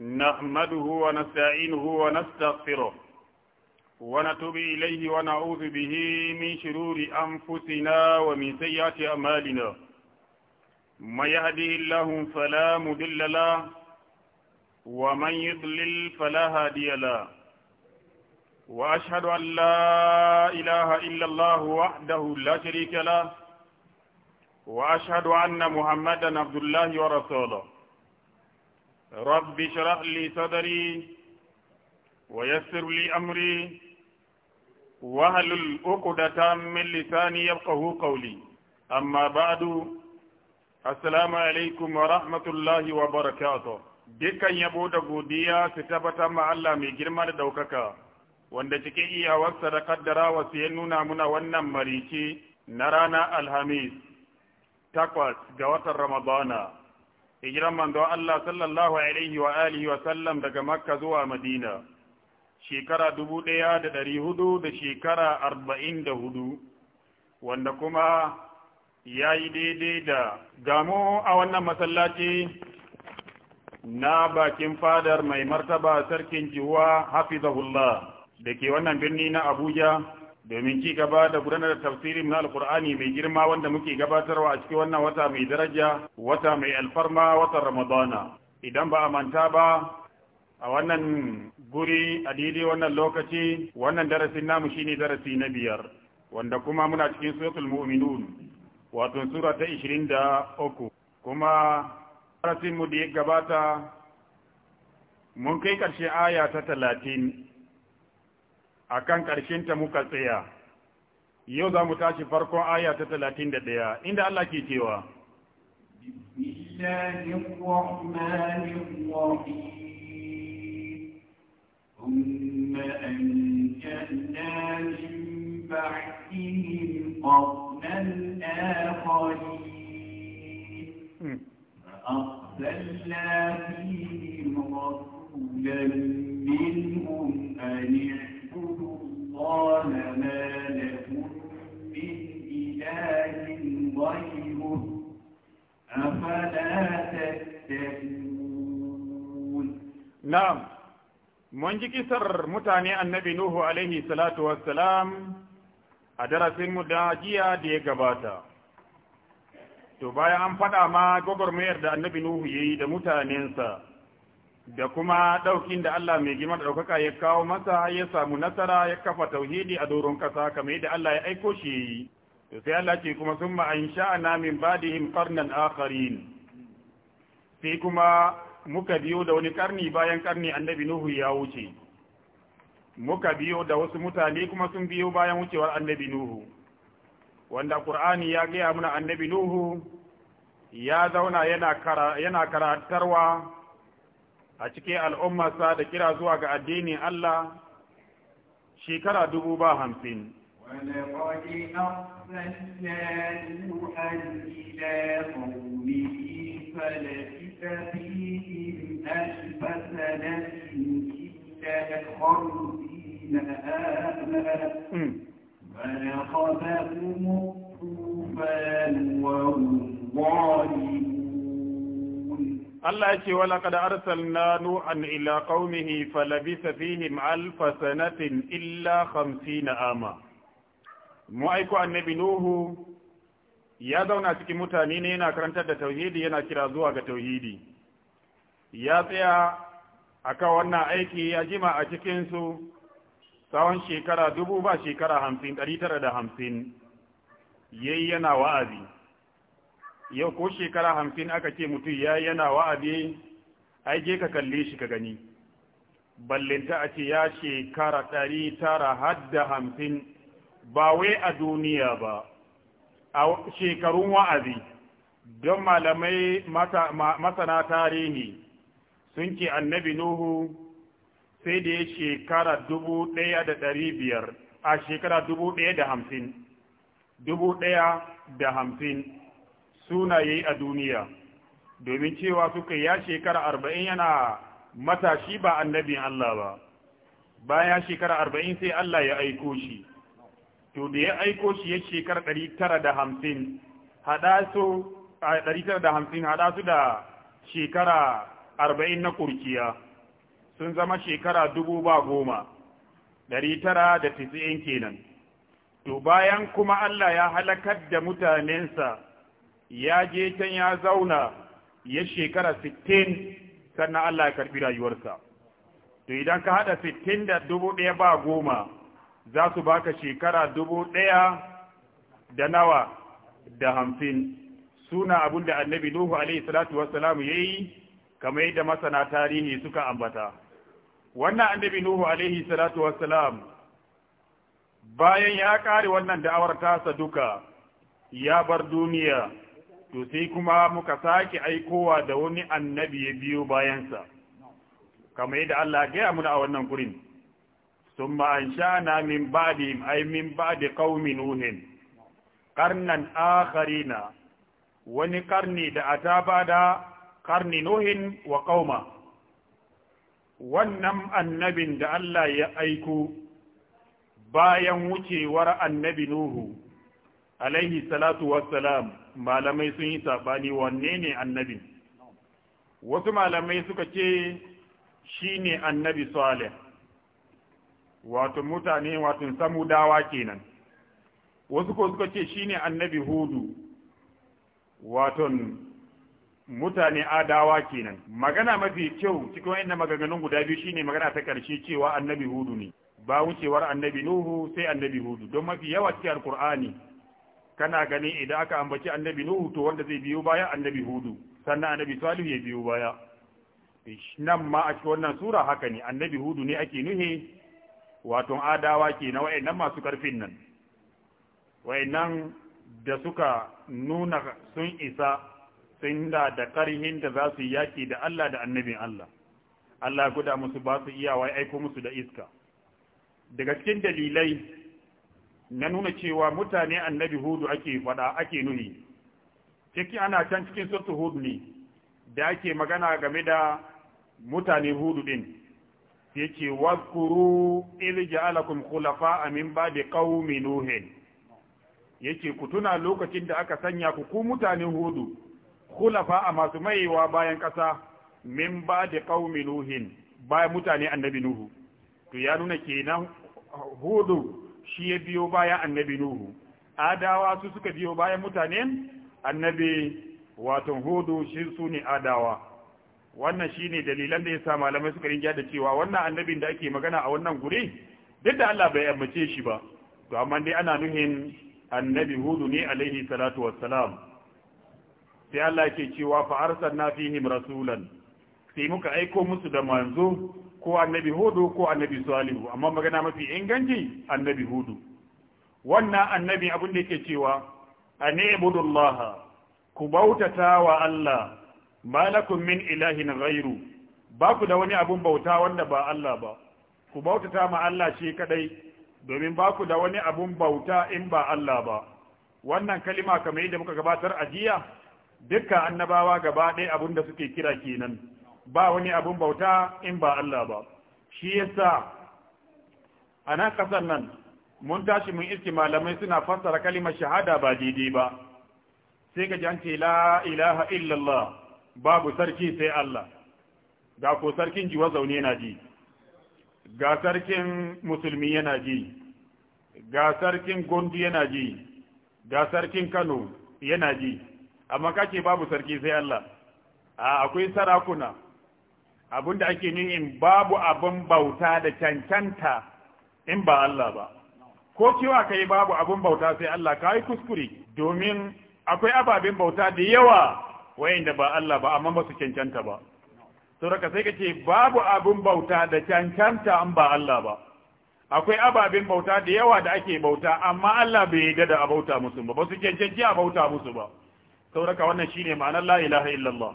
نحمده ونستعينه ونستغفره ونتوب إليه ونعوذ به من شرور أنفسنا ومن سيئات أمالنا من يهدي الله فلا مضل له ومن يضلل فلا هادي له وأشهد أن لا إله إلا الله وحده لا شريك له وأشهد أن محمدا عبد الله ورسوله رب اشرح لي صدري ويسر لي أمري واهلل عقدة من لساني يفقه قولي أما بعد السلام عليكم ورحمة الله وبركاته dukkan yabo da godiya su tabbatar ma Allah mai girma da ɗaukaka wanda cikin iyawarsa da kaddara wasu ya nuna muna wannan marici na rana alhamis takwas ga watan ramadana hijiran manzon Allah sallallahu alaihi wa alihi wa sallam daga Makka zuwa Madina shekara dubu ɗaya da ɗari hudu da shekara arba'in da hudu wanda kuma ya yi daidai da gamo a wannan masallaci na bakin fadar mai martaba sarkin jihuwa hafizahullah da ke wannan birni na Abuja domin ci gaba da gudanar da tafsirin na alkur'ani mai girma wanda muke gabatarwa a cikin wannan wata mai daraja wata mai alfarma watan ramadana idan ba a manta ba a wannan guri a daidai wannan lokaci wannan darasin namu shine darasi na biyar wanda kuma muna cikin suratul mu'minun wato sura ta 23 kuma darasin mu da ya gabata mun kai karshe aya ta 30 akan karshen ta muka tsaya yau za mu tashi farkon aya ta 31 inda Allah ke cewa bismillahir rahmanir rahim umma فأرسلنا فيهم رسولا منهم أن na'am mun ji kisar mutane annabi Nuhu alaihi salatu wassalam a darasinmu da jiya da ya gabata. To baya an faɗa ma gwagwarmayar da annabi Nuhu ya yi da mutanensa da kuma ɗaukin da Allah mai girma da ɗaukaka ya kawo masa ya samu nasara ya kafa tauhidi a doron ƙasa kamar yadda Allah ya aiko shi yi to sai Allah ce kuma sun ma'an na min badihim qarnan akharin sai kuma muka biyo da wani karni bayan karni annabi Nuhu ya wuce muka biyo da wasu mutane kuma sun biyo bayan wucewar annabi Nuhu wanda Qur'ani ya gaya mana annabi Nuhu ya zauna yana kara yana karatarwa a cikin al’ummarsa da kira zuwa ga addinin Allah shekara dubu ba hamsin. ولقد أمت فان وهم ظالمون Allah ya ce wala kada arsalna nuhan ila qaumihi falabisa fihim alf sanatin illa 50 ama mu aiko annabi nuhu ya zauna cikin mutane ne yana karantar da tauhidi yana kira zuwa ga tauhidi ya tsaya akan wannan aiki ya jima a cikin su tsawon shekara dubu ba shekara hamsin ɗari tara da hamsin yayi yana wa'azi yau ko shekara hamsin aka ce mutum ya yana wa'azi ai je ka kalle shi ka gani ballinta a ce ya shekara ɗari tara hadda hamsin ba wai a duniya ba a shekarun wa'azi don malamai masana tarihi sun ce annabi nuhu sai da ya shekara dubu ɗaya da ɗari biyar a shekara dubu ɗaya da hamsin dubu ɗaya da hamsin sunaye a duniya domin cewa suka ya shekara arba'in yana matashi ba annabin Allah ba bayan shekara arba'in sai Allah ya aiko shi to da ya aiko shi ya shekara ɗari tara da hamsin haɗa su ɗari tara da hamsin da shekara arba'in na kurkiya sun zama shekara dubu ba goma ɗari tara da tisi'in kenan to bayan kuma Allah ya halakar da mutanensa ya je can ya zauna ya shekara 60 sannan Allah ya karbi rayuwarsa to idan ka hada 60 da dubu ɗaya ba goma za su baka shekara dubu ɗaya da nawa da hamsin suna abin da annabi Nuhu alaihi salatu ya yi kamar yadda masana tarihi suka ambata wannan annabi Nuhu alaihi bayan ya kare wannan da'awar tasa duka ya bar duniya to sai kuma muka sake aikowa da wani annabi ya biyo bayansa kamar yadda Allah gaya muna a wannan gurin sun na min ba'dihim ay min ba'di qaumin nuhin qarnan akharina wani karni da ataba da karni nuhin wa qauma wannan annabin da Allah ya aiko bayan wucewar annabi nuhu alaihi salatu wassalamu malamai sun yi sabani wanne ne annabi wasu malamai suka ce shi ne annabi salih wato mutane wato samudawa kenan wasu ko suka ce shi ne annabi hudu wato mutane adawa kenan magana mafi kyau cikin wayannan maganganun guda biyu shine magana ta ƙarshe cewa annabi hudu ne ba wucewar annabi nuhu sai annabi hudu don mafi yawa cikin alkur'ani kana gani idan aka ambaci annabi nuhu to wanda zai biyo baya annabi hudu sannan annabi salihu ya biyo baya nan ma a cikin wannan sura haka ne annabi hudu ne ake nuhi wato adawa ke na wayannan masu karfin nan wayannan da suka nuna sun isa sun da da karhin da za su yaki da Allah da annabin Allah Allah guda musu ba su iyawa aiko musu da iska daga cikin dalilai na nuna cewa mutane annabi hudu ake fada ake nuni ciki ana can cikin surtu hudu ne da ake magana game da mutane hudu din sai ce wazkuru alakun kulafa a min ba da kawumi nuhin yake ku tuna lokacin da aka sanya ku ku mutane hudu kulafa a masu maiwa bayan ƙasa min ba da kawumi nuhin bayan mutane annabi nuhu to ya nuna kenan hudu shi ya biyo baya annabi nuhu adawa su suka biyo bayan mutane annabi wato hudu shi su ne adawa wannan shi ne dalilan da ya sa malamai suka rinja da cewa wannan annabin da ake magana a wannan guri duk da Allah bai ambace shi ba to amma dai ana nuhin annabi hudu ne alaihi salatu wassalam sai Allah ke cewa fa arsalna fihim rasulan sai muka aiko musu da manzo ko annabi hudu ko annabi salihu amma magana mafi inganci annabi hudu wannan annabi abin da yake cewa ani'budullah ku bautata wa Allah malakum min ilahin ghairu ba ku da wani abun bauta wanda ba Allah ba ku bautata ma Allah shi kadai domin ba ku da wani abun bauta in ba Allah ba wannan kalima kamar yadda muka gabatar a jiya dukkan annabawa gaba ɗaya abun da suke kira kenan ba wani abun bauta in ba Allah ba shi yasa a nan kasar nan mun tashi mun iske malamai suna fassara kalimar shahada ba daidai ba sai ka jance la ilaha illallah babu sarki sai Allah ga ko sarkin jiwa zaune yana ji ga sarkin musulmi yana ji ga sarkin gondi yana ji ga sarkin Kano yana ji amma kace babu sarki sai Allah a akwai sarakuna da ake nuhin babu abin bauta da cancanta in ba Allah ba ko cewa kai babu abin bauta sai Allah ka yi kuskure domin akwai ababen bauta da yawa wayanda ba Allah ba amma ba su cancanta ba saboda sai kace babu abin bauta da cancanta in ba Allah ba akwai ababen bauta da yawa da ake bauta amma Allah bai yarda da abauta musu ba ba su cancanci abauta musu ba saboda wannan shine ma'anar la ilaha illallah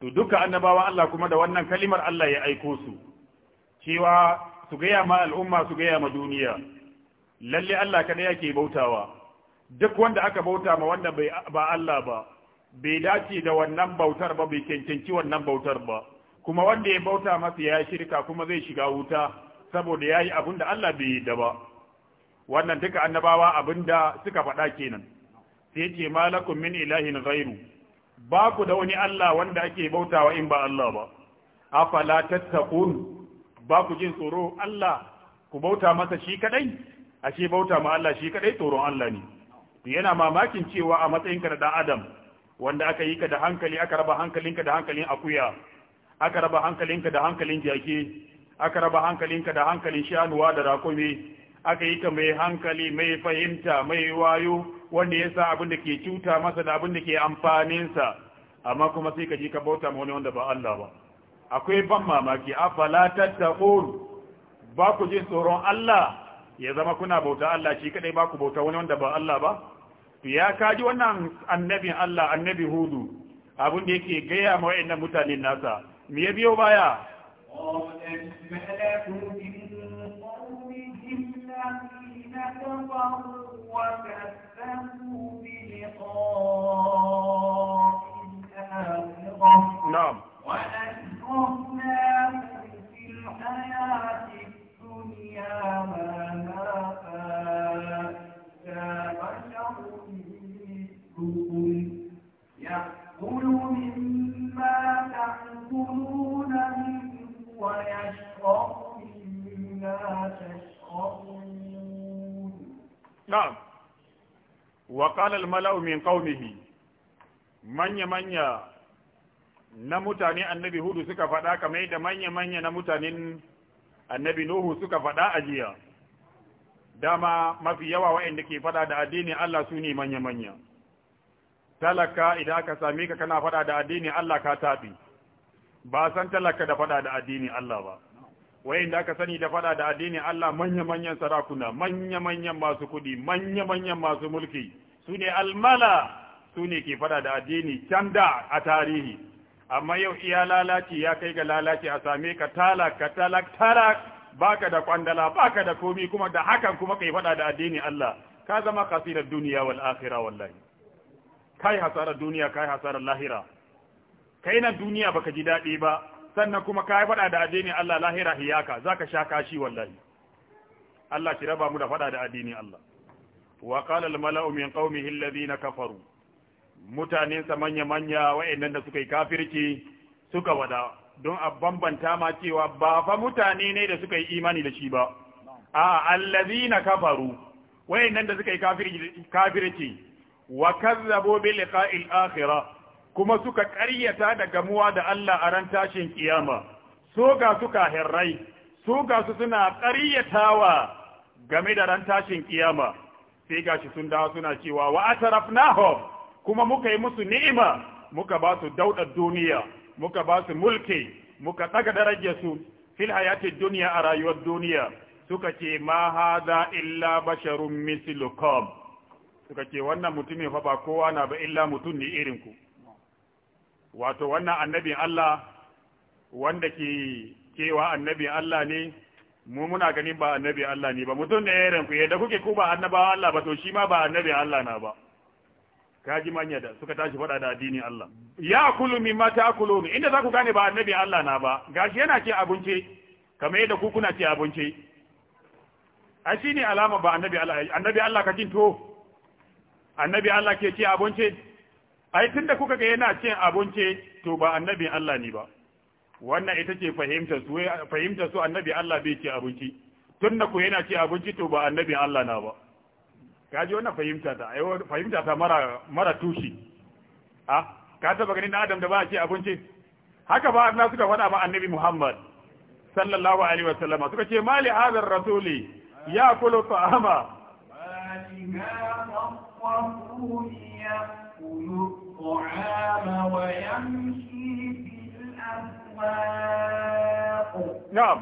to duka annabawa Allah kuma da wannan kalimar Allah ya aiko su cewa su gaya ma al'umma su gaya ma duniya lalle Allah kada yake bautawa duk wanda aka bauta ma wanda bai ba Allah ba bai dace da wannan bautar ba bai cancanci wannan bautar ba kuma wanda ya bauta masa ya shirka kuma zai shiga wuta saboda yayi abinda Allah bai yi da ba wannan duka annabawa abinda suka faɗa kenan sai ce malakum min ilahin ghairu ba ku da wani Allah wanda ake bautawa in ba Allah ba afala tattaqun ba ku jin tsoro Allah ku bauta masa shi kadai ashe bauta ma Allah shi kadai tsoron Allah ne yana mamakin cewa a matsayinka da dan adam wanda aka yi ka da hankali aka raba hankalinka da hankalin akuya aka raba hankalinka da hankalin jake aka raba hankalinka da hankalin shanuwa da rakumi aka yi ta mai hankali mai fahimta mai wayo wanda ya sa abin da ke cuta masa da abin da ke amfaninsa amma kuma sai ka ji ka bauta ma wani wanda ba Allah ba akwai ban mamaki afala tattaqun ba ku jin tsoron Allah ya zama kuna bauta Allah shi kadai ba ku bauta wani wanda ba Allah ba ya kaji wannan annabin Allah annabi Hudu abin da yake gaya ma wayannan mutanen nasa me ya biyo baya كفروا وكذبوا بلقاء الآخرة نعم na'am wa qala al-mala'u min qaumihi manya manya na mutane annabi hudu suka faɗa kamar yadda manya manya na mutanen annabi nuhu suka faɗa a jiya dama mafi yawa waɗanda ke faɗa da addini Allah su manya manya talaka idan aka same ka kana faɗa da addini Allah ka taɓi ba san talaka da faɗa da addini Allah ba wayanda aka sani da fada da addini Allah manya-manyan sarakuna manya-manyan masu kudi manya-manyan masu mulki su ne almala su ne ke fada da addini can da a tarihi amma yau iya lalaci ya kai ga lalaci a same ka talak ka talak talak baka da kwandala baka da komi kuma da hakan kuma kai fada da addini Allah ka zama kasirar duniya wal akhirah wallahi kai hasarar duniya kai hasarar lahira kai na duniya baka ji daɗi ba sannan kuma ka yi faɗa da addini Allah lahira hiyaka za ka sha kashi wallahi Allah ki raba mu da faɗa da addini Allah wa qala al mala'u min qaumihi alladhina kafaru mutanen sa manya manya wayannan da suka yi kafirci suka wada don a bambanta ma cewa ba fa mutane ne da suka yi imani da shi ba a alladhina kafaru wayannan da suka yi kafirci kafirci wa kazzabu bil liqa'il akhirah kuma suka ƙaryata da gamuwa da Allah a ran tashin ƙiyama. so ga suka herrai, so ga su suna ƙaryatawa game da ran tashin kiyama sai gashi sun dawo suna cewa wa atarafnahum kuma muka yi musu ni'ima muka ba su dauɗa duniya muka ba su mulki muka ɗaga darajar su fil hayati duniya a rayuwar duniya suka ce ma hadha illa basharun mislukum suka ce wannan mutumin fa ba kowa na ba illa mutum ne irin ku wato wannan annabin Allah wanda ke cewa annabin Allah ne mu muna ganin ba annabi Allah ne ba mutum ne yaren ku yadda kuke ku ba annabawa Allah ba to shi ma ba annabi Allah na ba kaji manya da suka tashi fada da addinin Allah ya kulu ma taakulun inda za ku gane ba annabi Allah na ba gashi yana ce abinci kamar yadda ku kuna ce abinci ai shine alama ba annabi Allah annabi Allah ka jin to annabi Allah ke ce abinci ai tunda kuka ga yana cin abinci to ba annabin Allah ne ba wannan ita ce fahimta su fahimta su annabi Allah bai ci abinci tunda ku yana ci abinci to ba annabin Allah na ba kaji wannan fahimta ta ai fahimta ta mara mara tushi ah ka taba ganin Adam da ba ci abinci haka ba Allah suka faɗa ma annabi Muhammad sallallahu alaihi wasallam suka ce mali hadar rasuli ya kulu ta'ama mali ga الطعام ويمشي في نعم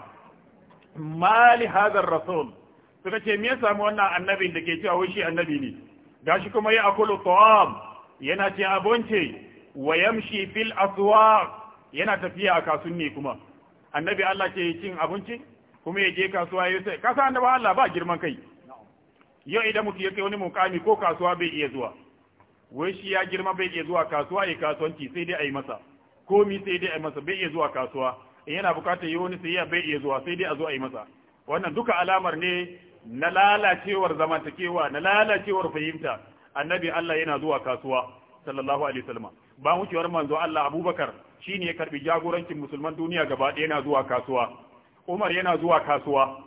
ما لهذا الرسول suka ce me ya sami wannan Annabi da ke cewa wai shi annabi ne gashi kuma ya akulu ta'am yana cin abinci wa yamshi fil aswaq yana tafiya a kasuwanni kuma annabi Allah ke cin abinci kuma ya je kasuwa ya sai kasa annabi Allah ba girman kai yau idan mutum ya kai wani mukami ko kasuwa bai iya zuwa wai shi ya girma bai iya zuwa kasuwa ya kasuwanci sai dai a yi masa komi sai dai a yi masa bai iya zuwa kasuwa in yana bukatar yi wani sayayya bai iya zuwa sai dai a zo a yi masa wannan duka alamar ne na lalacewar zamantakewa na lalacewar fahimta annabi Allah yana zuwa kasuwa sallallahu alaihi wasallam ba wucewar manzo Allah Abubakar shine ya karbi jagorancin musulman duniya gaba ɗaya yana zuwa kasuwa Umar yana zuwa kasuwa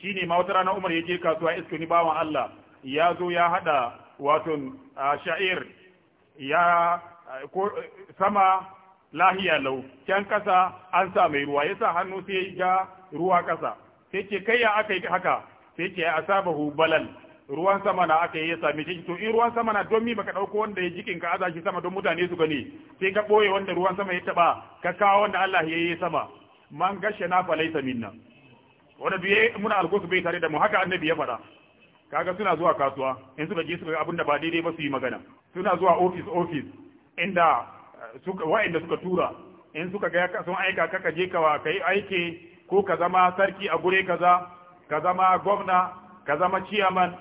shine ma wata rana Umar ya je kasuwa iska ni bawan Allah ya zo ya hada wato sha'ir ya sama lahiya lau can kasa an sa mai ruwa Ya sa hannu sai ya ruwa kasa sai ce kai ya aka yi haka sai ce sabahu balal ruwan sama na aka yi ya sami shi to in ruwan sama na don mi baka dauko wanda ya jikin ka azashi sama don mutane su gani sai ka ɓoye wanda ruwan sama ya taɓa ka kawo wanda Allah ya yi sama man gashe na falaisa minna wanda biye muna alƙusu bai tare da mu haka annabi ya faɗa kaga suna zuwa kasuwa in suka je suka abin da ba daidai ba su yi magana suna zuwa ofis ofis inda eh, suka wa'inda suka tura in suka ga sun aika kaka je ka kai aike ko ka zama sarki a gure kaza ka zama gwamna ka zama ciyaman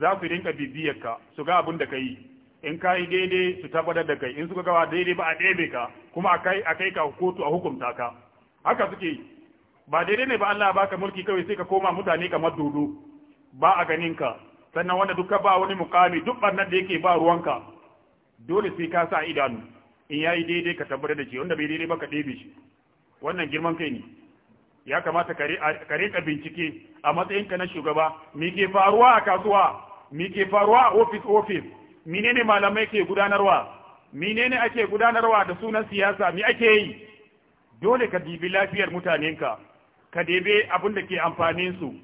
za su rinka bibiyar ka su ga abin da kai in kai daidai su tabbatar da kai in suka gawa daidai ba a ɗebe ka kuma a kai a kai ka kotu a hukunta ka haka suke ba daidai ne ba Allah baka mulki kawai sai ka koma mutane kamar dodo ba a ganinka sannan wanda duka ba wani mukami duk nan da yake ba ruwanka dole sai ka sa idanu in yayi daidai ka tabbatar da shi wanda bai daidai ba ka ɗebe shi wannan girman kai ne ya kamata ka rika bincike a matsayinka na shugaba me ke faruwa a kasuwa me ke faruwa a ofis ofis menene malamai ke gudanarwa menene ake gudanarwa da sunan siyasa me ake yi dole ka dibi lafiyar mutanenka ka debe abin da ke amfanin su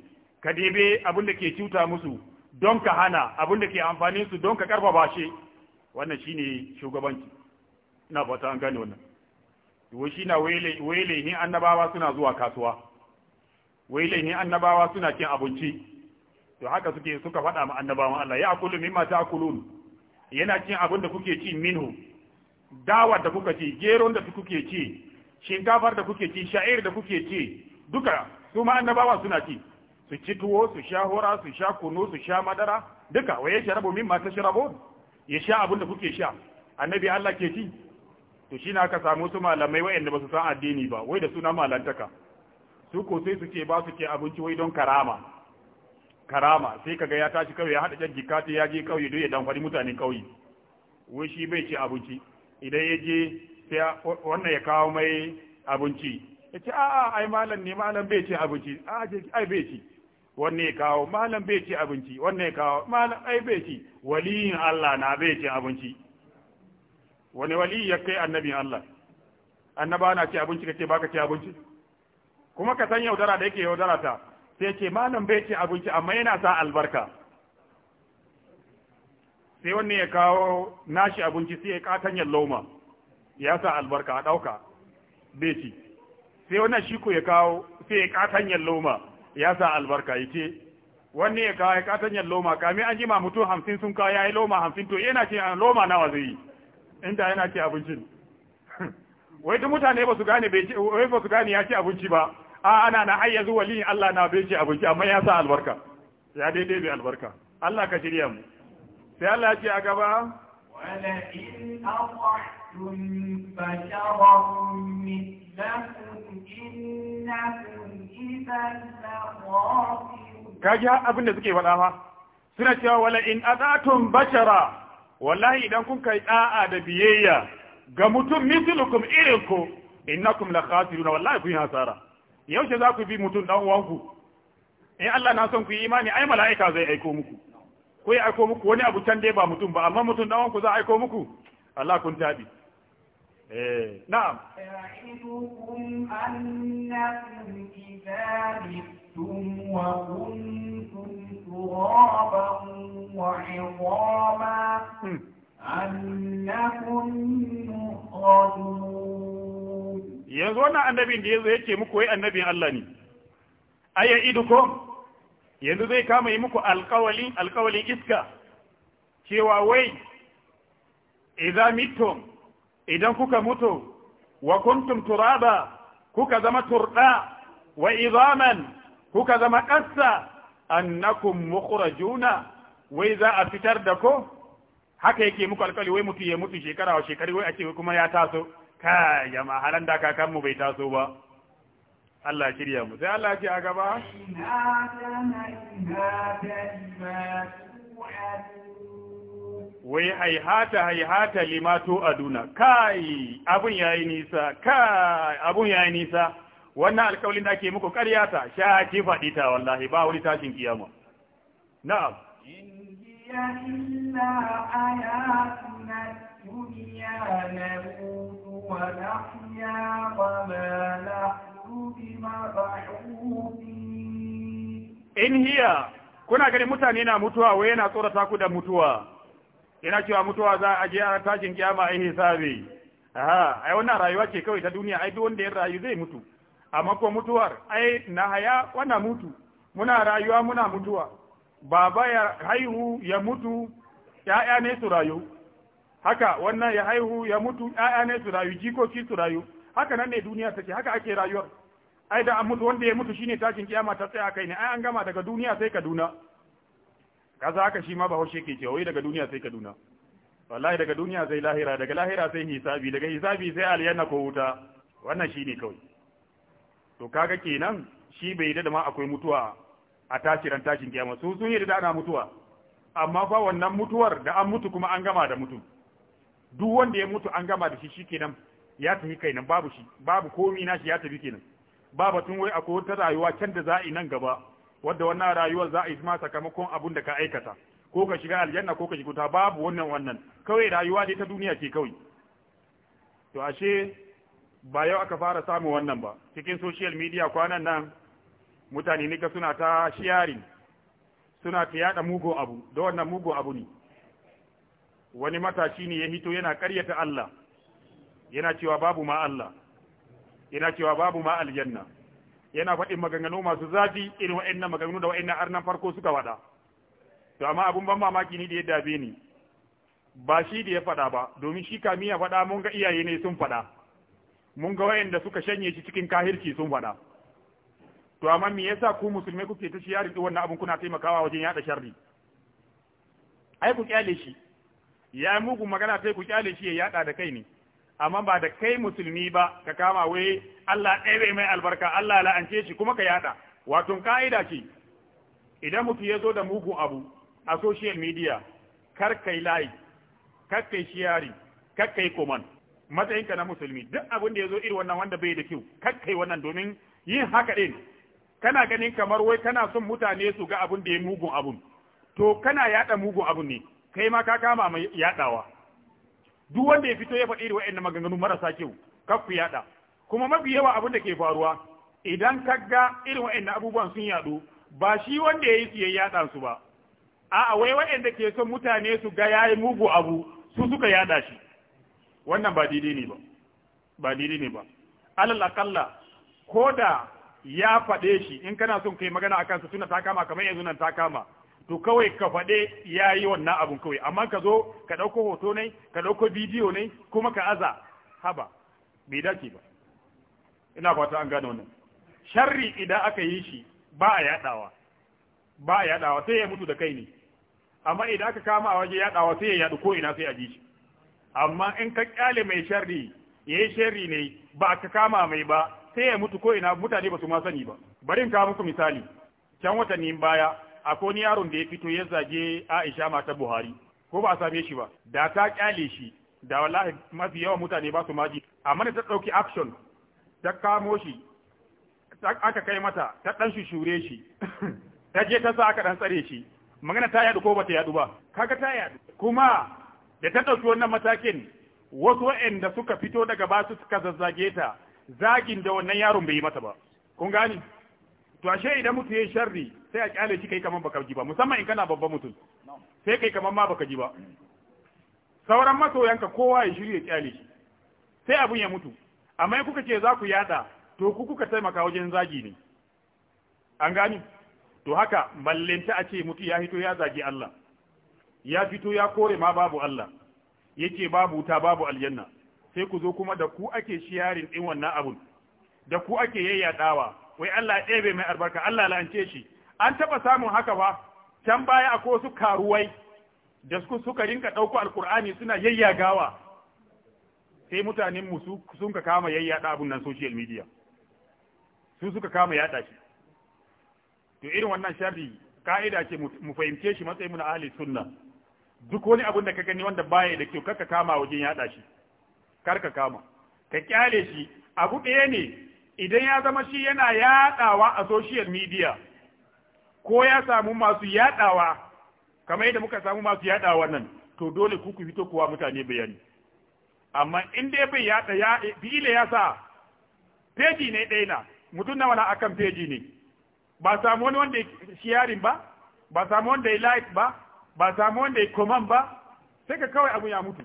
ka debe abin da ke cuta musu don ka hana abin da ke amfanin su don ka karfafa shi wannan shi ne shugabanci ina fata an gane wannan wai shi na wailayin annabawa suna zuwa kasuwa wailayin annabawa suna cin abinci to haka suke suka faɗa ma annabawan Allah ya akulu mimma ta'kulun yana cin abin da kuke ci minhu dawa da kuka ci gero da kuke ci shinkafar da kuke ci sha'ir da kuke ci duka su ma annabawa suna ci su ci tuwo su sha hura su sha kunu su sha madara duka waye sharabu min ma tashrabun ya sha abin da kuke sha annabi Allah ke ci to shine aka samu su malamai wayanda ba su san addini ba wai da suna malantaka su ko sai su ce ba su ce abinci wai don karama karama sai kaga ya tashi kawai ya hada jan jikati ya je kauye don ya dan fari mutanen kauye wai shi bai ci abinci idan ya je sai wannan ya kawo mai abinci ya ce a'a ai malam ne malam bai ci abinci a'a ai bai ci wanne ya kawo malam bai ci abinci wanne ya kawo malam ai bai ci waliyin Allah na bai ci abinci wani wali ya kai annabi Allah annaba na ci abinci kace baka ci abinci kuma ka san yaudara da yake yaudara ta sai ce malam bai ci abinci amma yana sa albarka sai wanne ya kawo nashi abinci sai ya katanyar loma ya sa albarka a dauka bai ci sai wannan shi ko ya kawo sai ya katanyar loma ya sa albarka ce. wani ya kawo yin loma kame an jima mutum hamsin sun kawo yi loma hamsin to yana ce an ah, loma nawa zai yi inda yana ce abincin wai duk mutane ba su gane bai ba su gane ya ce abinci ba a ah, ana na hayya zuwa liyin Allah na bai ce abinci amma ya sa albarka ya daidai bai albarka Allah ka shirya mu sai Allah ya ce a gaba wala in بشرا abin da suke faɗa كاجا suna cewa wala in azatun bashara wallahi idan kun kai da'a da biyayya ga mutum mislukum irinku innakum la khasiruna wallahi kun hasara yaushe za ku bi mutum dan uwanku in Allah na son ku yi imani ai mala'ika zai aiko muku ko ya aiko muku wani abu can dai ba mutum ba amma mutum dan uwanku za aiko muku Allah kun tabi نعم eh. أعدكم hmm. yanzu wannan annabin da yanzu yake muku wai annabin Allah ne aya ko yanzu zai kama yi muku alkawalin iska cewa wai idza mito. idan kuka mutu wa kuntum turaba kuka zama turda wa izaman kuka zama ƙasa annakum mukhrajuna wai za a fitar da ko haka yake muku alƙali wai mutu ya mutu shekara wa shekari wai a kuma ya taso ka ya mahalan da kakan mu bai taso ba Allah shirya mu sai Allah ce a gaba wai haihata haihata limato aduna kai abun yayi nisa kai abun yayi nisa wannan alƙawlin da ake muku ƙarya ta sha ki faɗi ta wallahi ba wani tashin kiyama na'am in hiya kuna gani mutane na mutuwa wai yana tsorata ku da mutuwa yana cewa mutuwa za a je a tashin kiyama a hisabi aha ai wannan rayuwa ce kawai ta duniya ai duk wanda ya rayu zai mutu amma ko mutuwar ai na haya wannan mutu muna rayuwa muna mutuwa baba ya haihu ya mutu ya'ya ne su rayu haka wannan ya haihu ya mutu ya'ya ne su rayu jikoki su rayu haka nan ne duniya take haka ake rayuwar ai da an mutu wanda ya mutu shine tashin kiyama ta tsaya kai ne ai an gama daga duniya sai kaduna kaza haka shi ma ba haushe ke cewa wai daga duniya sai kaduna wallahi daga duniya sai lahira daga lahira sai hisabi daga hisabi sai aljanna ko wuta wannan shi ne kawai to kaga kenan shi bai da ma akwai mutuwa a tashiran tashin kiyama su sun yi da ana mutuwa amma fa wannan mutuwar da an mutu kuma an gama da mutum duk wanda ya mutu an gama da shi shi kenan ya tafi nan. babu shi babu komi na shi ya tafi kenan ba batun wai akwai wata rayuwa can da za'i nan gaba wadda wannan rayuwar za a yi ma sakamakon abun da ka aikata ko ka shiga aljanna ko ka shiga ta babu wannan wannan kawai rayuwa dai ta duniya ce kawai to ashe ba yau aka fara samu wannan ba cikin social media kwanan nan mutane ne ka suna ta sharing suna ta yada mugun abu da wannan mugun abu ne wani matashi ne ya hito yana karyata Allah yana cewa babu ma Allah yana cewa babu ma aljanna yana faɗin maganganu masu zafi irin wa'annan maganganu da wa'annan arnan farko suka faɗa to amma abun ban mamaki ni da ya dabe ni ba shi da ya faɗa ba domin shi kami ya faɗa mun ga iyaye ne sun faɗa mun ga wa'anda suka shanye shi cikin kahirci sun faɗa to amma me yasa ku musulmai kuke ta shiyar da wannan abun kuna taimakawa wajen yada sharri ai ku kyale shi ya mugun magana sai ku kyale shi ya yada da kai ne amma ba da kai musulmi ba ka kama wai Allah ɗaya mai albarka Allah la'ance shi kuma ka yada wato ka'ida ce idan mutum ya zo da mugun abu a social media kar kai layi kar kai shiyari kar kai koman matsayin ka na musulmi duk abin da ya zo irin wannan wanda bai da kyau kar kai wannan domin yin haka ɗin kana ganin kamar wai kana son mutane su ga abin da ya mugun abun to kana yada mugun abun ne kai ma ka kama mai yadawa duk wanda ya fito ya faɗi da wa'annan maganganu marasa kyau kar ku yaɗa kuma mafi yawa abin da ke faruwa idan ka ga irin wa'annan abubuwan sun yaɗu ba shi wanda ya yi su ya yaɗa su ba a'a wai wa'anda ke son mutane su ga yayi mugu abu su suka yaɗa shi wannan ba daidai ne ba ba daidai ne ba alal akalla ko da ya faɗe shi in kana son kai magana akan su tuna ta kama kamar yanzu nan ta kama to kawai ka faɗe ya yi wannan abun kawai amma ka zo ka ɗauko hoto ne ka ɗauko bidiyo ne kuma ka aza haba bai dace ba ina fata an gano wannan sharri idan aka yi shi ba a yaɗawa ba a yaɗawa sai ya mutu da kai ne amma idan aka kama a waje yaɗawa sai ya yaɗu ko ina sai a ji shi amma in ka ƙyale mai sharri ya yi sharri ne ba ka kama mai ba sai ya mutu ko ina mutane ba su ma sani ba bari in kawo muku misali can watanni baya akwai yaron da ya fito ya zage Aisha mata Buhari ko ba a same shi ba da ta kyale shi da wallahi mafi yawan mutane ba su maji amma ne ta dauki action ta kamo shi aka kai mata ta dan shure shi ta je ta sa aka dan tsare shi magana ta yadu ko ba ta yadu ba kaga ta yadu kuma da ta dauki wannan matakin wasu waɗanda suka fito daga basu suka zazzage ta zagin da wannan yaron bai yi mata ba kun gani to ashe idan mutu yayi sharri sai a kyale shi kai kamar baka ji ba musamman in kana babban mutum sai kai kaman ma baka ji ba sauran masoyanka kowa ya shirya kyale shi sai abun ya mutu amma kuka ce za ku yada to ku kuka taimaka wajen zagi ne an gani to haka ballenta a ce mutu ya fito ya zagi Allah ya fito ya kore ma babu Allah yake babu ta babu aljanna sai ku zo kuma da ku ake shiyarin din wannan abun da ku ake yayyadawa wai Allah ya ɗebe mai albarka Allah la'ance shi an taɓa samun haka ba can baya akwai wasu karuwai da suka rinka ɗauko alkur'ani suna yayyagawa sai mutanen mu sun ka kama yayyada abun nan social media su suka kama yaɗa shi to irin wannan sharri ka'ida ce mu fahimce shi matsayin na ahli sunna duk wani abun da ka gani wanda baya da kyau karka kama wajen yaɗa shi karka kama ka kyale shi abu ɗaya ne idan ya zama shi yana yaɗawa a social media ko ya samu masu yaɗawa, kamar yadda muka samu masu yadawa nan to dole ku ku fito kuwa mutane bayani amma in dai bai yada ya bile ya sa peji ne ɗaya na mutum nawa na akan peji ne ba samu wani wanda ya ba ba samu wanda ya like ba ba samu wanda ya command ba sai ka kawai abu ya mutu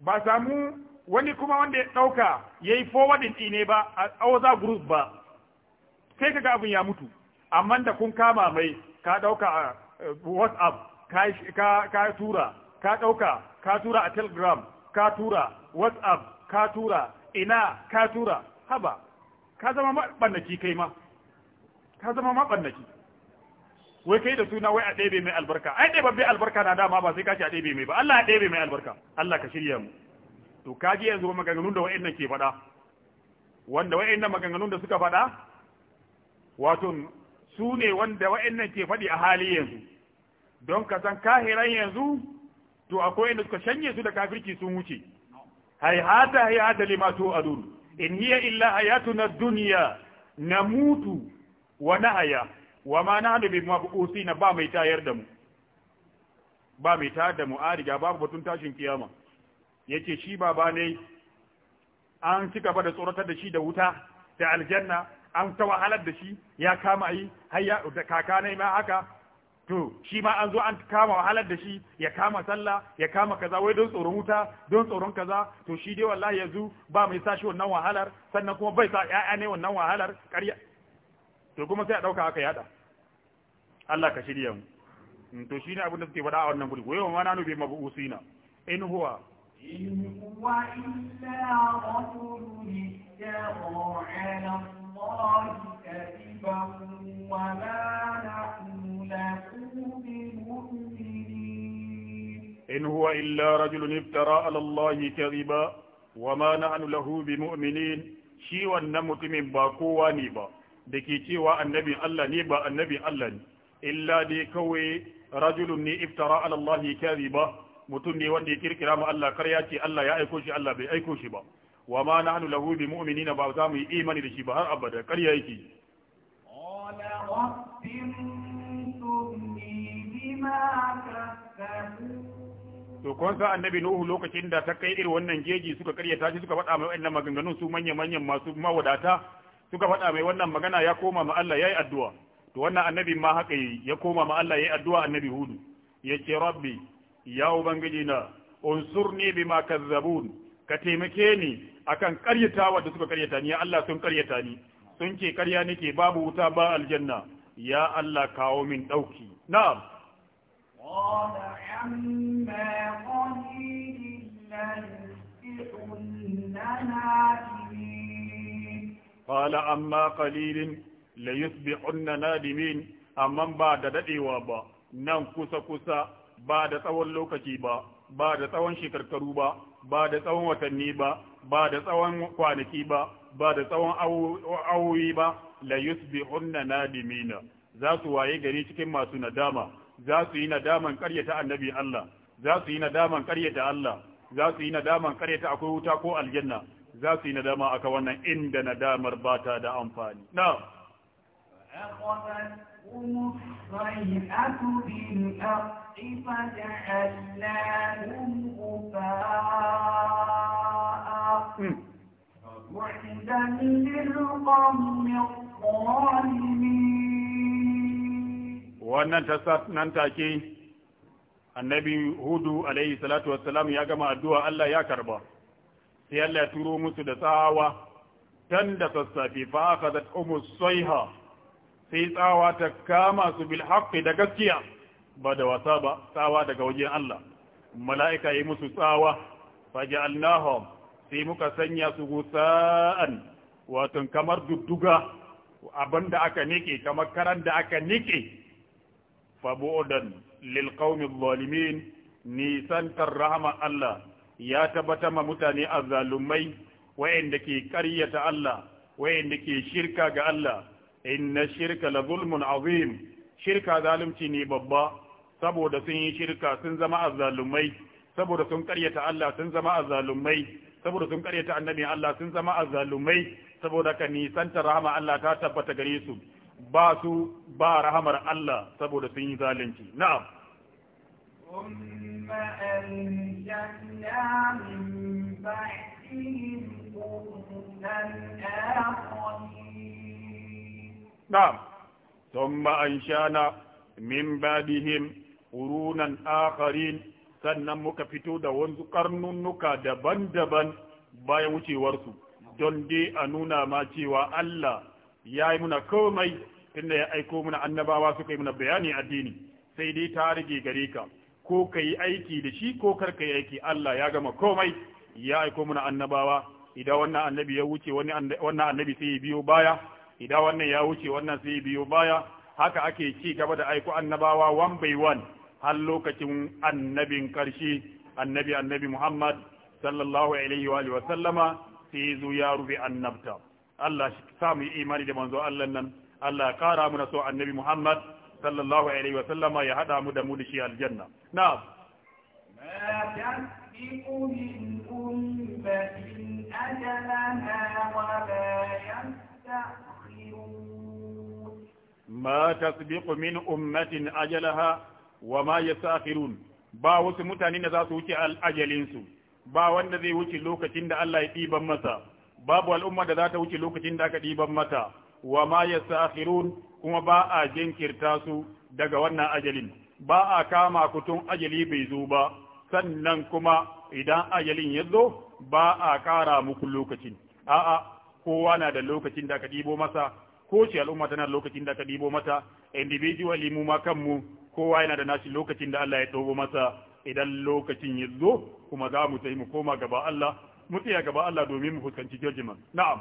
ba samu wani kuma wanda ya ɗauka ya yi forwarding ɗine ba a awaza group ba sai ka ga abun ya mutu amma da kun kama mai ka ɗauka a eh, whatsapp ka tura ka ɗauka ka tura a telegram ka tura whatsapp ka tura ina ka tura haba ka zama maɓannaki kai ma ka zama maɓannaki wai kai da suna wai a ɗebe mai albarka ai ɗebe bai albarka na dama ba sai ka ce a ɗebe mai ba Allah ya ɗebe mai albarka Allah ka shirya mu to ka ji yanzu maganganun da wa'annan ke faɗa wanda wa'annan maganganun da suka faɗa wato su ne wanda wa'annan ke faɗi a hali yanzu don ka san kahiran yanzu to akwai inda suka shanye su da kafirci sun wuce hayhata hayhata lima tu'adun in hiya illa hayatuna dunya namutu wa nahya wa ma nahnu bi mabqusina ba mai tayar da mu ba mai tayar da mu a riga babu batun tashin kiyama yace shi baba ne an cika da tsoratar da shi da wuta da aljanna an ta wahalar da shi ya kama yi hayya, da kaka ne ma haka to shi ma an zo an kama wahalar da shi ya kama sallah ya kama kaza wai don tsoron wuta don tsoron kaza to shi dai wallahi yanzu ba mai sa shi wannan wahalar sannan kuma bai sa 'ya'ya ne wannan wahalar ƙarya to kuma sai a ɗauka ya yada Allah ka shirya mu mm, to shine abin da suke faɗa a wannan guri wayo ma nanu mabu usina in huwa in huwa illa rajulun yastaghu ala الله كذبا وما نحن له بمؤمنين إن هو إلا رجل افترى على الله كذبا وما نحن له بمؤمنين shi wannan mutumin ba kowa ne ba da ke cewa annabin Allah ne ba annabin Allah ne illa dai kawai rajulun ne iftara ala Allah mutum ne wanda ya kirkira ma Allah karya ce Allah ya aiko shi Allah bai aiko shi ba wa ma nahnu lahu bi mu'minina ba za mu yi imani da shi ba har abada ya yake qala rabbim tumni bima to kun sa annabi nuhu lokacin da ta kai irin wannan jeji suka karyata shi suka faɗa mai wannan maganganun su manya manyan masu mawadata suka faɗa mai wannan magana ya koma ma Allah yayi addu'a to wannan annabi ma haka yi ya koma ma Allah yayi addu'a annabi hudu yace rabbi ya ubangiji na unsurni bima kazzabun ka taimake ni akan karyatawa da suka karyata ni ya Allah sun karyata ni sun ce karya nake babu wuta ba aljanna ya Allah kawo min ɗauki. na'am qala amma qalilin qala amma qalilin la nadimin amma ba da daɗewa ba nan kusa kusa ba da tsawon lokaci ba ba da tsawon shekarkaru ba ba da tsawon watanni ba ba da tsawon kwanaki ba ba da tsawon awowi ba la yusbihunna nadimina za su waye gari cikin masu nadama za su yi nadaman karyata annabi Allah za su yi nadaman karyata Allah za su yi nadaman karyata akwai wuta ko aljanna za su yi nadama aka wannan inda nadamar bata da amfani na لكم ريحة بالأرض فجعلناهم غفاء وعدا للقوم الظالمين وأن النبي هود عليه الصلاة والسلام يا جماعة الدعاء الله يا كربة سيالا ترو مسد ساوة تندس السافي فأخذت أم الصيحة sai tsawa ta kama su bil da gaskiya ba da wasa ba tsawa daga wajen Allah mala'ika yi musu tsawa faja'alnahum sai muka sanya su gusa'an wato kamar dudduga abinda aka nike kamar karan da aka nike fabu'udan lil qaumi zalimin nisantar rahama Allah ya tabbata ma mutane azzalumai wayanda ke ƙaryata Allah wayanda ke shirka ga Allah إن الشرك لظلم عظيم شرك ظالم تيني بابا سبو دا سنين شركة سنزماء الظالمي سبو دا سنكرية الله سنزماء الظالمي سبو دا سنكرية النبي الله سنزماء الظالمي سبو دا كنيسان ترحمة الله تاتبت غريسو باسو با رحمة الله سبو دا سنين ظالم تي نعم أم أنجلنا من بعدهم قولنا الأخرين na'am thumma anshana min ba'dihim qurunan akharin sannan muka fito da wanzu karnunnuka daban-daban bayan wucewarsu don dai a nuna ma cewa Allah ya yi muna komai tunda ya aiko muna annabawa suka yi muna bayani addini sai dai ta rage gare ka ko ka yi aiki da shi ko kar ka yi aiki Allah ya gama komai ya aiko muna annabawa idan wannan annabi ya wuce wannan annabi sai ya biyo baya idan wannan ya wuce wannan sai biyo baya haka ake ci gaba da aiko annabawa one by one har lokacin annabin karshe annabi annabi Muhammad sallallahu alaihi wa wa sallama sai zo ya rufe annabta Allah shi samu imani da manzo Allah nan Allah kara mu so annabi Muhammad sallallahu alaihi wa sallama ya hada mu da mu da shi aljanna na'am أجلها ولا يستأخرها ma tasbiqu min ummatin ajalaha wa ma yastakhirun ba wasu mutane da za su wuce al'ajalin ba wanda zai wuce lokacin da Allah ya diban masa babu al'umma da za ta wuce lokacin da aka diban mata wa ma yastakhirun kuma ba a jinkirta su daga wannan ajalin ba a kama kutun ajali bai zo ba sannan kuma idan ajalin ya zo ba a kara muku lokacin a'a kowa na da lokacin da aka dibo masa ko ce al'umma tana lokacin da ka ɗibo mata individual mu ma kanmu kowa yana da nashi lokacin da Allah ya ɗobo masa idan lokacin ya zo kuma za mu mu koma gaba Allah mu tsaya gaba Allah domin mu fuskanci judgment na'am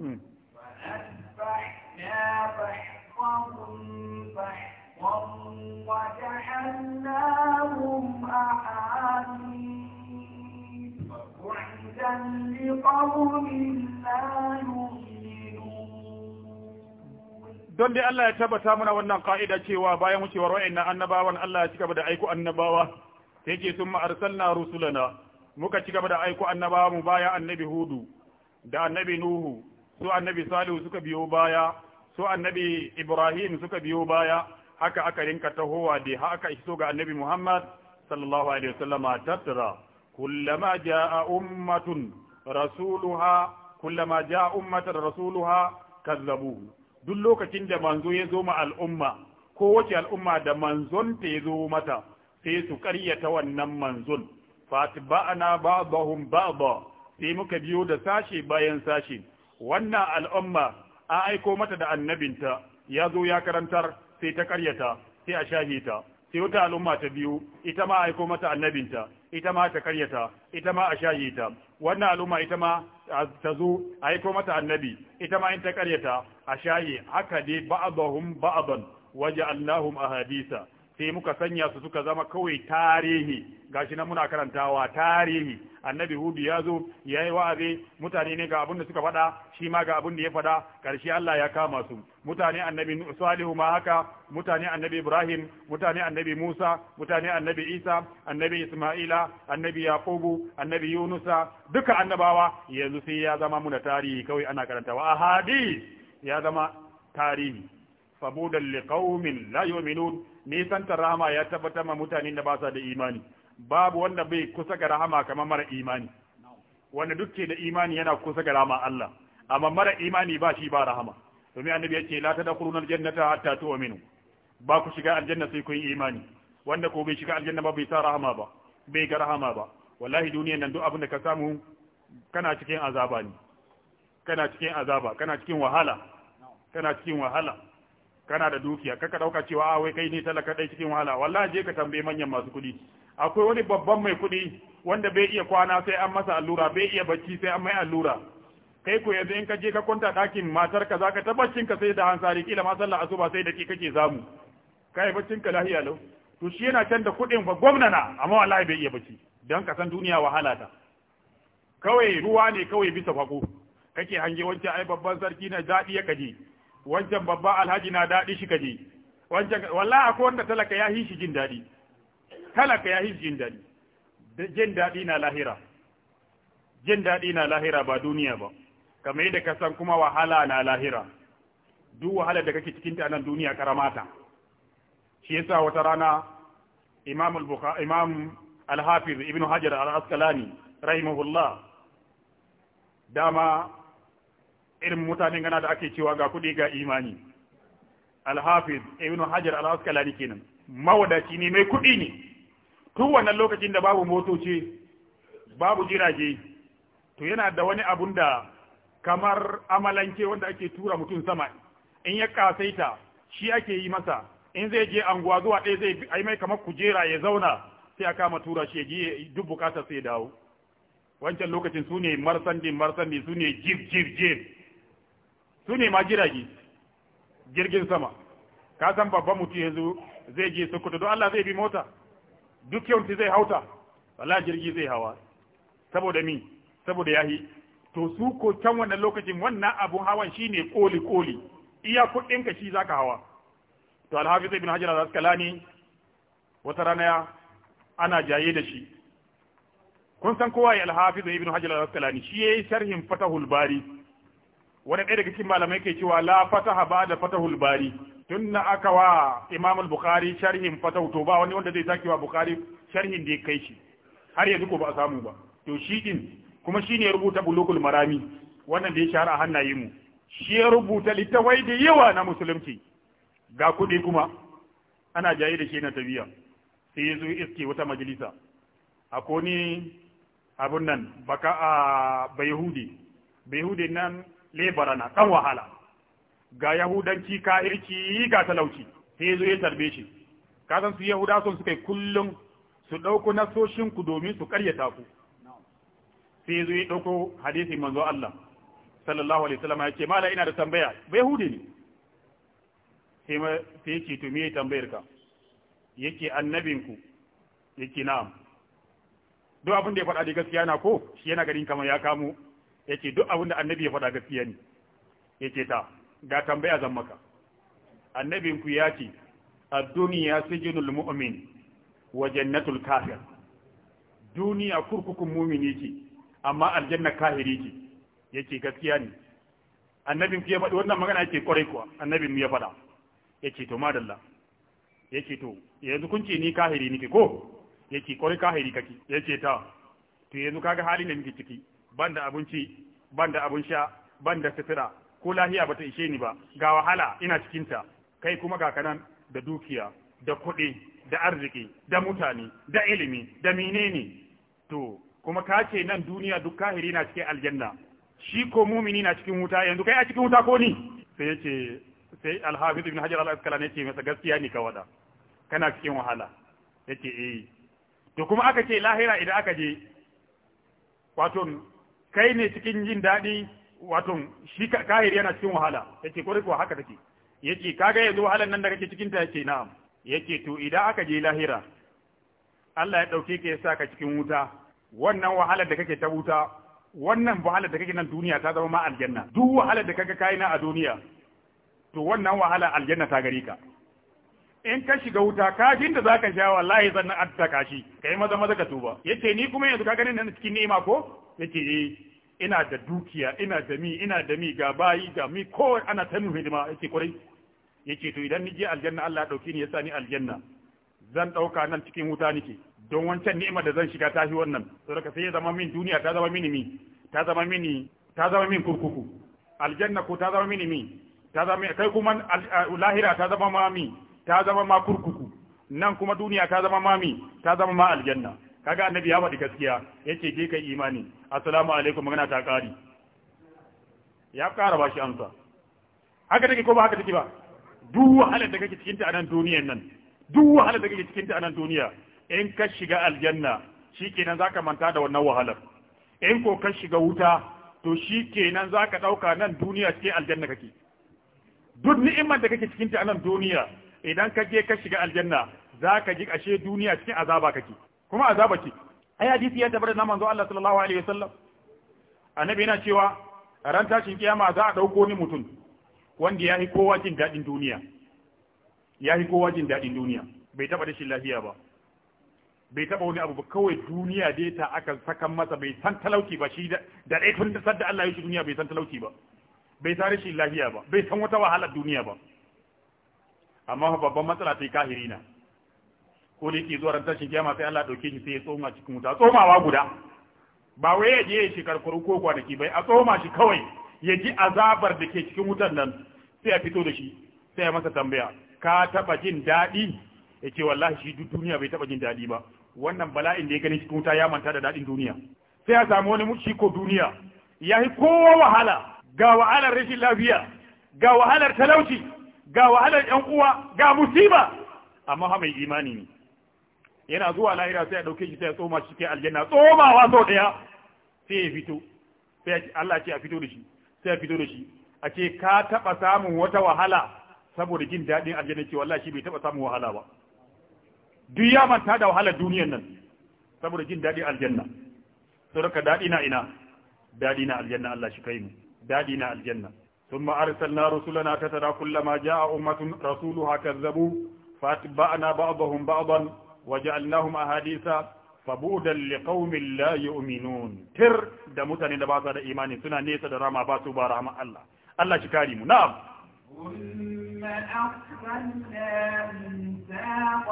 Mm-hmm. don dai Allah ya tabbata mana wannan ka'ida cewa bayan wucewar wa'annan annabawan Allah ya ci gaba da aiko annabawa sai ke sun arsalna rusulana muka ci gaba da aiko annabawa mu baya annabi Hudu da annabi Nuhu su annabi Salihu suka biyo baya su annabi Ibrahim suka biyo baya haka aka rinka tahowa da haka iso ga annabi Muhammad sallallahu alaihi wasallama tattara kullama jaa ummatun rasuluha kullama jaa ummatan rasuluha kazzabu duk lokacin da manzo ya zo ma al'umma ko wace al'umma da manzon ta ya zo mata sai su karyata wannan manzon fatba'ana ba'dahum ba'da sai muka biyo da sashe bayan sashe wannan al'umma a aiko mata da annabinta ya zo ya karantar sai ta karyata sai a shahe ta sai wata al'umma ta biyu ita ma aiko mata annabinta ita ma ta karyata ita ma a shaye ta wannan al'umma ita ma ta zo aiko mata annabi ita ma in ta karyata a shaye haka dai ba'dahum ba'dan a ahadisa sai muka sanya su suka zama kawai tarihi gashi nan muna karantawa tarihi annabi hudu ya zo ya yi wa'azi mutane ne ga abin da suka faɗa shi ma ga abin da ya faɗa ƙarshe Allah ya kama su mutane annabi salihu ma haka mutane annabi ibrahim mutane annabi musa mutane annabi isa annabi isma'ila annabi yaqubu annabi yunusa duka annabawa yanzu sai ya zama muna tarihi kawai ana karantawa ahadi ya zama tarihi fabudan liqaumin la yu'minun ta rahama ya tabbatar ma mutanen da ba sa da imani babu wanda bai kusa ga rahama kamar mara imani wanda ke da imani yana kusa ga rahama Allah amma mara imani ba shi ba rahama domin annabi yace la tadkhuluna aljannata hatta tu'minu ba ku shiga aljanna sai kun imani wanda ko bai shiga aljanna ba bai sa rahama ba bai ga rahama ba wallahi duniyar nan duk abin da ka samu kana cikin azaba ne kana cikin azaba kana cikin wahala kana cikin wahala kana da dukiya kaka dauka cewa a ah, wai kai ne talaka dai cikin wahala wallahi je ka tambaye manyan masu kuɗi akwai wani babban mai kuɗi wanda bai iya kwana sai an masa allura bai iya bacci sai an mai allura kai ko yanzu in ka je ka kwanta ɗakin matar ka zaka ta ka sai da hansari kila ma sallah asuba sai da ki kake zamu kai baccin ka lahiya lau to shi yana can da kuɗin fa gwamnana amma wallahi bai iya bacci dan ka san duniya wahala ta kawai ruwa ne kawai bisa fako kake hange wancan ai babban sarki na daɗi ya kaje wancan babba alhaji na daɗi shi kaje wancan wallahi akwai wanda talaka ya hishi jin daɗi talaka ya hishi jin daɗi jin daɗi na lahira jin daɗi na lahira ba duniya ba kamar yadda ka san kuma wahala na lahira duk wahalar da kake cikin ta nan duniya karamata shi yasa wata rana imam al-bukhari imam al-hafiz ibnu hajar al-asqalani rahimahullah dama irin mutane gana da ake cewa ga kuɗi ga imani alhafiz ibn hajar al-asqalani kenan mawadaci ne mai kuɗi ne tun wannan lokacin da babu motoci babu jirage to yana da wani abun da kamar amalanke wanda ake tura mutum sama in ya kasaita shi ake yi masa in zai je anguwa zuwa ɗaya zai ai mai kamar kujera ya zauna sai a kama tura shi ya je duk bukatar sai dawo wancan lokacin su ne marsandi marsandi su ne jib jib jib su ne ma jirage jirgin sama ka san babban mutum ya zai je sokoto don Allah zai bi mota duk yawanci zai hauta wala jirgi zai hawa saboda mi saboda yahi to su ko can wannan lokacin wannan abun hawan shine koli koli iya ka shi zaka hawa to Alhafi zai alhafiz ibn hajar al ne wata rana ana jaye da shi kun san kowa ya alhafiz ibn hajar al ne shi ya yi sharhin fatahul bari wani ɗaya daga cikin malamai ke cewa la fataha ba da fatahul bari tun na aka wa imamul al-bukhari sharhin fatahu to ba wani wanda zai sake wa bukhari sharhin da ya kai shi har yanzu ko ba a samu ba to shi din kuma shi ne ya rubuta bulukul marami wannan da ya shahara a hannaye mu shi ya rubuta littafai da yawa na musulunci ga kuɗi kuma ana jaye da shi na tabiya sai ya zo iske wata majalisa a koni abun nan baka a ah, bayahudi bayahudi nan lebara na wahala ga yahudanci ka ka'irci ga talauci sai zo ya tarbe shi ka san su yahuda sun suka kullum su dauko nasoshin ku domin su ƙaryata ku sai zo ya dauko hadisi manzo Allah sallallahu alaihi wasallam yake mala ina da tambaya ba yahudi ne sai ma sai yake to me tambayar ka yake annabinku yake na'am duk abin da ya faɗa da gaskiya na ko shi yana ganin kamar ya kamo yace duk abin da annabi ya faɗa gaskiya ne ce ta ga tambaya zan maka annabin ku ya ce ad-dunya sijnul mu'min wa jannatul kafir duniya kurkukun mumini ce amma aljanna kafiri ce yace gaskiya ne annabin ku ya faɗi wannan magana yake kwarai kuwa annabin mu ya faɗa ce to madalla ce to yanzu kun ce ni kahiri nike ko ce kwarai kahiri kake ce ta to yanzu kaga halin da nake ciki banda abinci banda abin sha banda sutura ko lahiya bata ishe ni ba ga wahala ina cikin ta kai kuma ga kanan da dukiya da kuɗi da arziki da mutane da ilimi da menene to kuma ka ce nan duniya duk kahiri na cikin aljanna shi ko mumini na cikin wuta yanzu kai a cikin wuta ko ni sai ya ce sai alhafiz ibn hajar al-asqalani ce masa gaskiya ne ka wada kana cikin wahala yace eh to kuma aka ce lahira idan aka je wato kai ne cikin jin daɗi wato shi kahiri yana cikin wahala ce ko kuwa haka take Ya ce ka gaya yanzu wahala nan da kake ya ta na? na'am ce to idan aka je lahira Allah ya ɗauke ka ya sa ka cikin wuta wannan wahalar da kake ta wuta wannan wahalar da kake nan duniya ta zama ma aljanna duk wahalar da kaga kai na a duniya to wannan wahala aljanna ta gare ka in ka shiga wuta kafin da zaka sha wallahi sannan an taka shi kai maza maza ka tuba yace ni kuma yanzu ka gani nan cikin ni'ima ko yace eh ina da dukiya ina da mi ina da mi ga bayi ga mi ko ana tanu hidima yace kurai yace to idan ni je aljanna Allah ya dauke ni yasa ni aljanna zan dauka nan cikin wuta nake don wancan ni'ima da zan shiga tashi wannan saboda sai ya zama min duniya ta zama mini mi ta zama mini ta zama min kurkuku aljanna ko ta zama mini mi ta zama kai kuma lahira ta zama ma mi ta zama ma kurkuku nan kuma duniya ta zama mami ta zama ma aljanna kaga annabi ya faɗi gaskiya yace je kai imani assalamu alaikum magana ta ƙari ya ƙara ba shi amsa haka take ko ba haka take ba duk wahalar da kake cikin ta anan duniyar nan duk wahalar da kake cikin ta anan duniya in ka shiga aljanna shikenan zaka manta da wannan wahalar in ko ka shiga wuta to shikenan zaka dauka nan duniya ce aljanna kake duk ni'imar da kake cikin ta anan duniya idan ka je ka shiga aljanna za ka ji ashe duniya cikin azaba kake kuma azaba ce ai hadisi ya tabbata na manzo Allah sallallahu alaihi wasallam annabi yana cewa ran tashin kiyama za a dauko ni mutum wanda yahi kowa jin dadin duniya yahi kowa jin dadin duniya bai taba da shi lafiya ba bai taba wani abu ba kawai duniya dai ta aka sakan masa bai san talauci ba shi da dai tun da Allah ya shi duniya bai san talauci ba bai san shi lafiya ba bai san wata wahalar duniya ba amma babban matsala ta yi kahiri na ko da yake zuwa rantar tashin kiyama sai Allah dauke shi sai ya tsoma cikin wuta tsomawa guda ba wai ya je ya shi kuru ko kwanaki bai a tsoma shi kawai ya ji azabar da ke cikin wutan nan sai ya fito da shi sai ya masa tambaya ka taba jin daɗi ya ce wallahi shi duk duniya bai taba jin daɗi ba wannan bala'in da ya gani cikin wuta ya manta da daɗin duniya sai ya samu wani mushi ko duniya ya yi kowa wahala ga wahalar rashin lafiya ga wahalar talauci ga wahalar yan uwa ga musiba amma ha mai imani ne yana zuwa lahira sai ya dauke shi sai ya tsoma shi ke aljanna tsomawa sau daya sai ya fito sai Allah ce a fito da shi sai ya fito da shi a ce ka taba samun wata wahala saboda jin daɗin aljanna ce wallahi shi bai taba samun wahala ba duk ya manta da wahalar duniyar nan saboda jin daɗin aljanna saboda daɗi na ina daɗi na aljanna Allah shi kai mu daɗi na aljanna ثم أرسلنا رسلنا تترى كلما جاء أمة رسولها كذبوا فأتبعنا بعضهم بعضا وجعلناهم أحاديثا فبودا لقوم لا يؤمنون تر دمتني لبعض هذا إيمان سنة نيسة درامة باتوا برحمة الله الله شكاري نعم ثم أرسلنا من ساق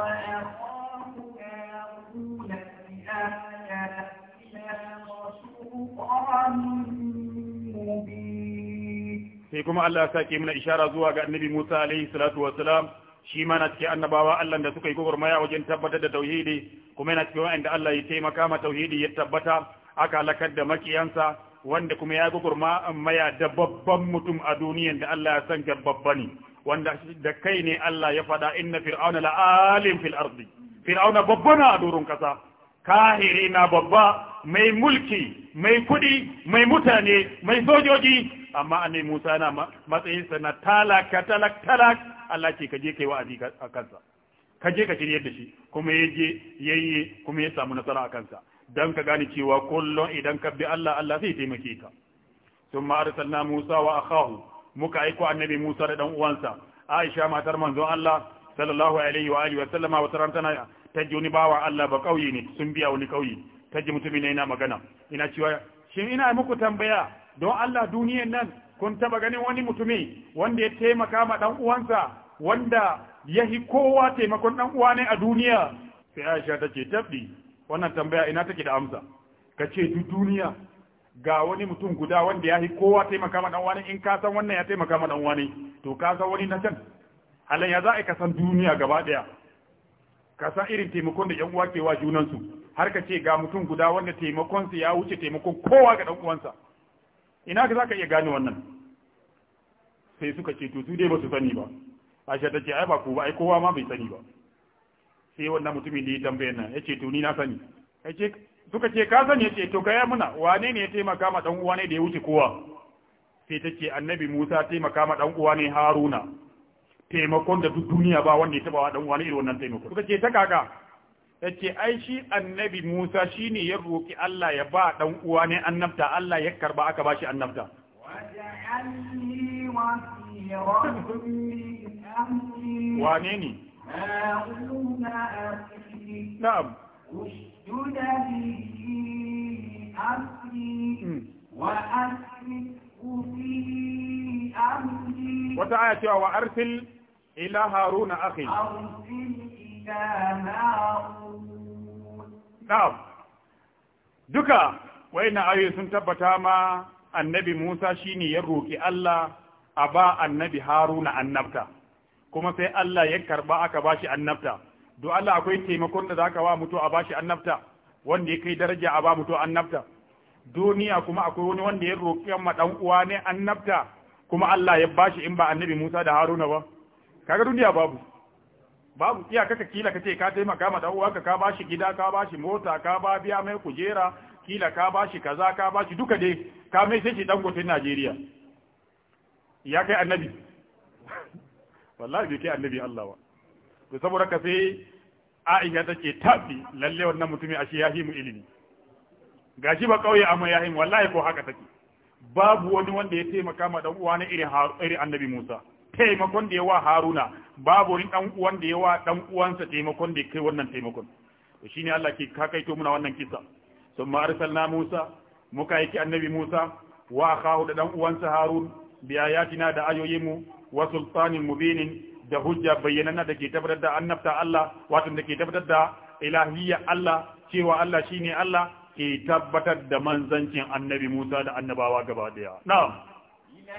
أخاك يا رسول الله sai kuma Allah ya sake mana ishara zuwa ga annabi Musa alaihi salatu wassalam shi ma na cikin annabawa Allah da suka yi gwagwarmaya wajen tabbatar da tauhidi kuma yana cikin wa'anda Allah ya taimaka ma tauhidi ya tabbata aka halakar da makiyansa wanda kuma ya maya da babban mutum a duniyan da Allah ya san babba ne wanda da kai ne Allah ya faɗa inna fir'auna la'alim fil ardi fir'auna babba na a doron kasa kahiri na babba mai mulki mai kudi mai mutane mai sojoji amma annai Musa na matsayinsa na talaka talak talak Allah ce ka je kai wa'azi a kansa ka je ka shirye da shi kuma ya je yayye kuma ya samu nasara a kansa dan ka gane cewa kullum idan ka bi Allah Allah zai taimake ka thumma arsalna Musa wa akahu muka aiko annabi Musa da dan uwansa Aisha matar manzon Allah sallallahu alaihi wa alihi wa sallama wa ran ta juni bawa Allah ba kauye ne sun biya wani kauye kaji mutumin yana magana ina cewa shin ina muku tambaya don Allah duniyar nan kun taba ganin wani mutumi wanda ya taimaka ma dan uwansa wanda ya hi kowa taimakon dan uwa ne a duniya sai Aisha ta ce tabbi wannan tambaya ina take da amsa ka ce duk duniya ga wani mutum guda wanda ya hi kowa taimaka ma dan wani in ka san wannan ya taimaka ma dan wani to ka san wani na can halan ya za a ka san duniya gaba daya ka san irin taimakon da yan uwa ke wa junansu har ka ce ga mutum guda wanda taimakonsa ya wuce taimakon kowa ga uwansa ina ka za ka iya gane wannan sai suka ce to su dai ba su sani ba aisha ta ce ai ba ku ba ai kowa ma bai sani ba sai wannan mutumin da ya tambaye nan ya ce to ni na sani suka ce ka sani ya ce to gaya muna wane ne ya taimaka ma dan uwa ne da ya wuce kowa sai ta ce annabi musa taimaka ma dan uwa ne haruna taimakon da duk duniya ba wanda ya taba wa dan uwa ne irin wannan taimako suka ce ta kaka yace ai shi annabi Musa shine ya roki Allah ya ba dan uwa ne annabta Allah ya karba aka bashi annabta wane ne na'am wata aya cewa wa arsil ila haruna akhi Na'am, duka waina ayoyi sun tabbata ma annabi Musa shine ya roƙi Allah a ba annabi Haruna annabta, kuma sai Allah ya karɓa aka ba shi annabta. Do Allah akwai taimakon da za ka wa mutu a ba shi annabta, wanda ya kai daraja a ba mutu annabta. Duniya kuma akwai wani wanda ya roƙi ma ɗan uwa ne annabta, kuma Allah ya ba shi in ba annabi Musa da Haruna ba. Kaga duniya babu. babu iya kaka kila kace ka taimaka ma dan uwanka ka bashi gida ka bashi mota ka ba biya mai kujera kila ka bashi kaza ka bashi duka dai ka mai sai shi dangotin Najeriya ya kai annabi wallahi bai kai annabi Allah wa to saboda ka sai Aisha take tafi lalle wannan mutumin ashe ya himu ilimi gashi ba kauye amma ya himu wallahi ko haka take babu wani wanda ya taimaka ma dan uwa na irin irin annabi Musa taimakon da ya wa Haruna babu wani dan uwan da yawa dan uwansa taimakon da kai wannan taimakon to shine Allah ke kakaito muna wannan kisa ma arsalna Musa muka yake annabi Musa wa akahu da dan uwansa Harun bi ayatina da mu wa sultanin mubinin da hujja bayyanana da ke tabbatar da annabta Allah wato da ke tabbatar da ilahiyya Allah cewa Allah shine Allah ke tabbatar da manzancin annabi Musa da annabawa gaba daya na'am ila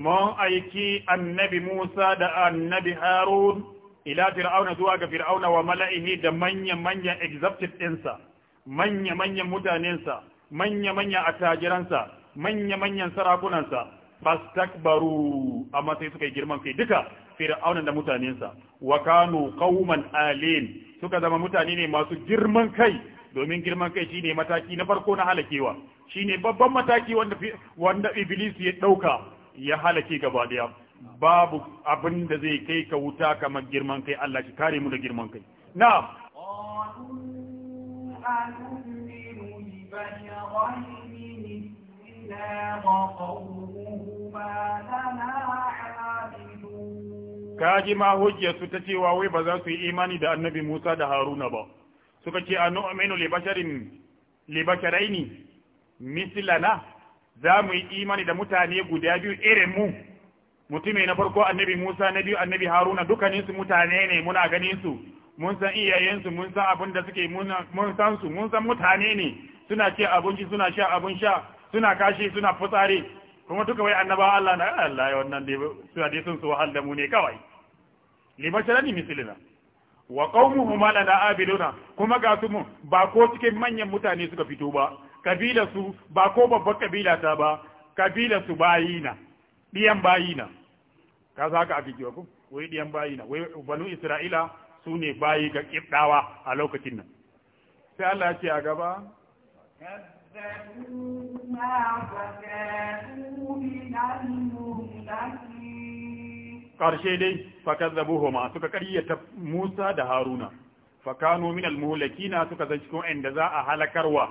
Mun aiki annabi Musa da annabi Harun ila Fir'auna zuwa ga Fir'auna wa mala'ihi da manya-manyan executive ɗinsa, manya-manyan mutanensa, manya-manyan attajiransa, manya-manyan sarakunansa, fastakbaru amma sai suka yi girman kai duka fir'auna da mutanensa wa kanu qauman alin suka zama mutane ne masu girman kai domin girman kai shine mataki na farko na halakewa shine babban mataki wanda wanda iblis ya dauka ya halake gaba daya babu abin da zai kai ka wuta kamar girman kai Allah shi kare mu da girman kai na'am وقومهما لنا ka ji ma hujjarsu ta cewa wai ba za su yi imani da annabi Musa da Haruna ba suka ce anu aminu li basharin li basharaini mislana za mu yi imani da mutane guda biyu irin mu mutume na farko annabi Musa na biyu annabi Haruna dukkanin su mutane ne muna ganin su mun san iyayen su mun san abin da suke mun san su mun san mutane ne suna ce abinci suna sha abin sha suna kashi suna fitsari kuma duka wai annaba Allah na Allah ya wannan dai suna dai sun su wahal da mu ne kawai li ni mislina wa qaumuhu ma na abiduna kuma ga su mun ba ko cikin manyan mutane suka fito ba kabila su ba ko babbar kabila ta ba kabila su bayina diyan bayina ka za ka abiji ku wai diyan bayina wai banu isra'ila su ne bayi ga kibdawa a lokacin nan sai Allah ya ce a gaba كذبوا ما فكانوا من المهلكين karshe dai fakazzabuhuma suka ƙaryata Musa da Haruna fakanu min almuhlakina suka zai cikin inda za a halakarwa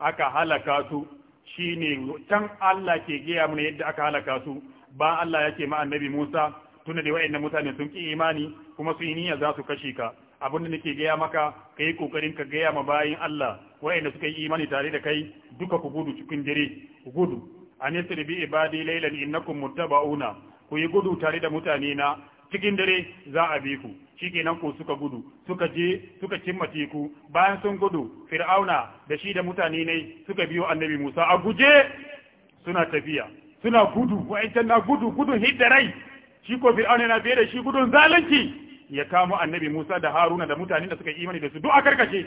aka halaka su shine can Allah ke gaya mana yadda aka halaka su ba Allah yake ma annabi Musa tunda dai wayannan mutane sun ki imani kuma su yi niyya za su kashe ka abinda nake gaya maka ka kokarin ka gaya ma bayin Allah wayanda suka yi imani tare da kai duka ku gudu cikin dare ku gudu an yasri bi ibadi laylan innakum muttaba'una ku yi gudu tare da mutane na cikin dare za a bi ku shikenan ku suka gudu suka je suka cimma teku bayan sun gudu fir'auna da shi da mutane ne suka biyo annabi Musa a guje suna tafiya suna gudu wa'ancan na gudu gudun hiddarai shi ko fir'auna na biye da shi gudun zalunci ya kamo annabi Musa da Haruna da mutane da suka imani da su duk a karkace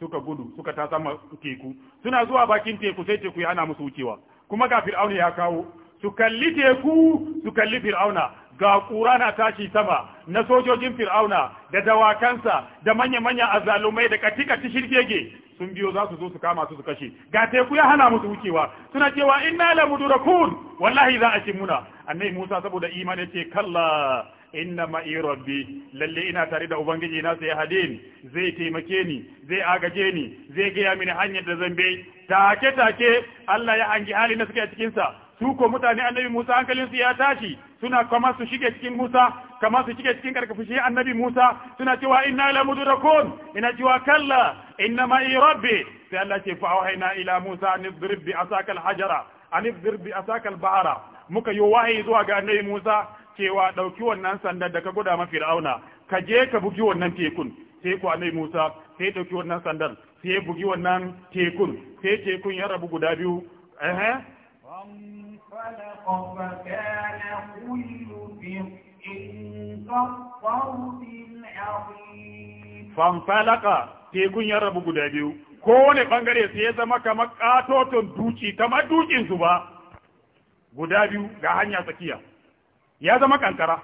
suka gudu suka ta sama teku suna zuwa bakin teku sai teku ya hana musu wucewa kuma ga fir'auna ya kawo su kalli teku su kalli fir'auna ga ƙura na tashi sama na sojojin fir'auna da dawakansa da manya-manya azalumai da katikati shirgege sun biyo za su zo su kama su su kashe ga teku ya hana musu wucewa suna cewa inna la mudrakun wallahi za a ci muna annai Musa saboda imani ce kalla inna ma rabbi lalle ina tare da ubangiji na sai hadin zai taimake ni zai agaje ni zai gaya mini hanyar da zambe take take Allah ya hangi hali na suke cikin sa su ko mutane annabi Musa hankalin su ya tashi suna kama su shige cikin Musa kama su shige cikin karkafishe annabi Musa suna cewa inna la mudrakun ina cewa kalla inna ma rabbi sai Allah ce fa wahayna ila Musa an idrib bi asaka hajara an idrib bi asaka bahara muka yi wahayi zuwa ga annabi Musa cewa dauki wannan sandan da ka guda ma Fir'auna ka je ka bugi wannan tekun sai ku annabi Musa sai dauki wannan sandan sai bugi wannan tekun sai tekun ya rabu guda biyu eh خلق فكان كل فرق biyu. العظيم فانطلق تيكون يا رب قدابيو kowane bangare sai ya zama kamar katoton duci kamar dukin su ba guda biyu ga hanya tsakiya ya zama kankara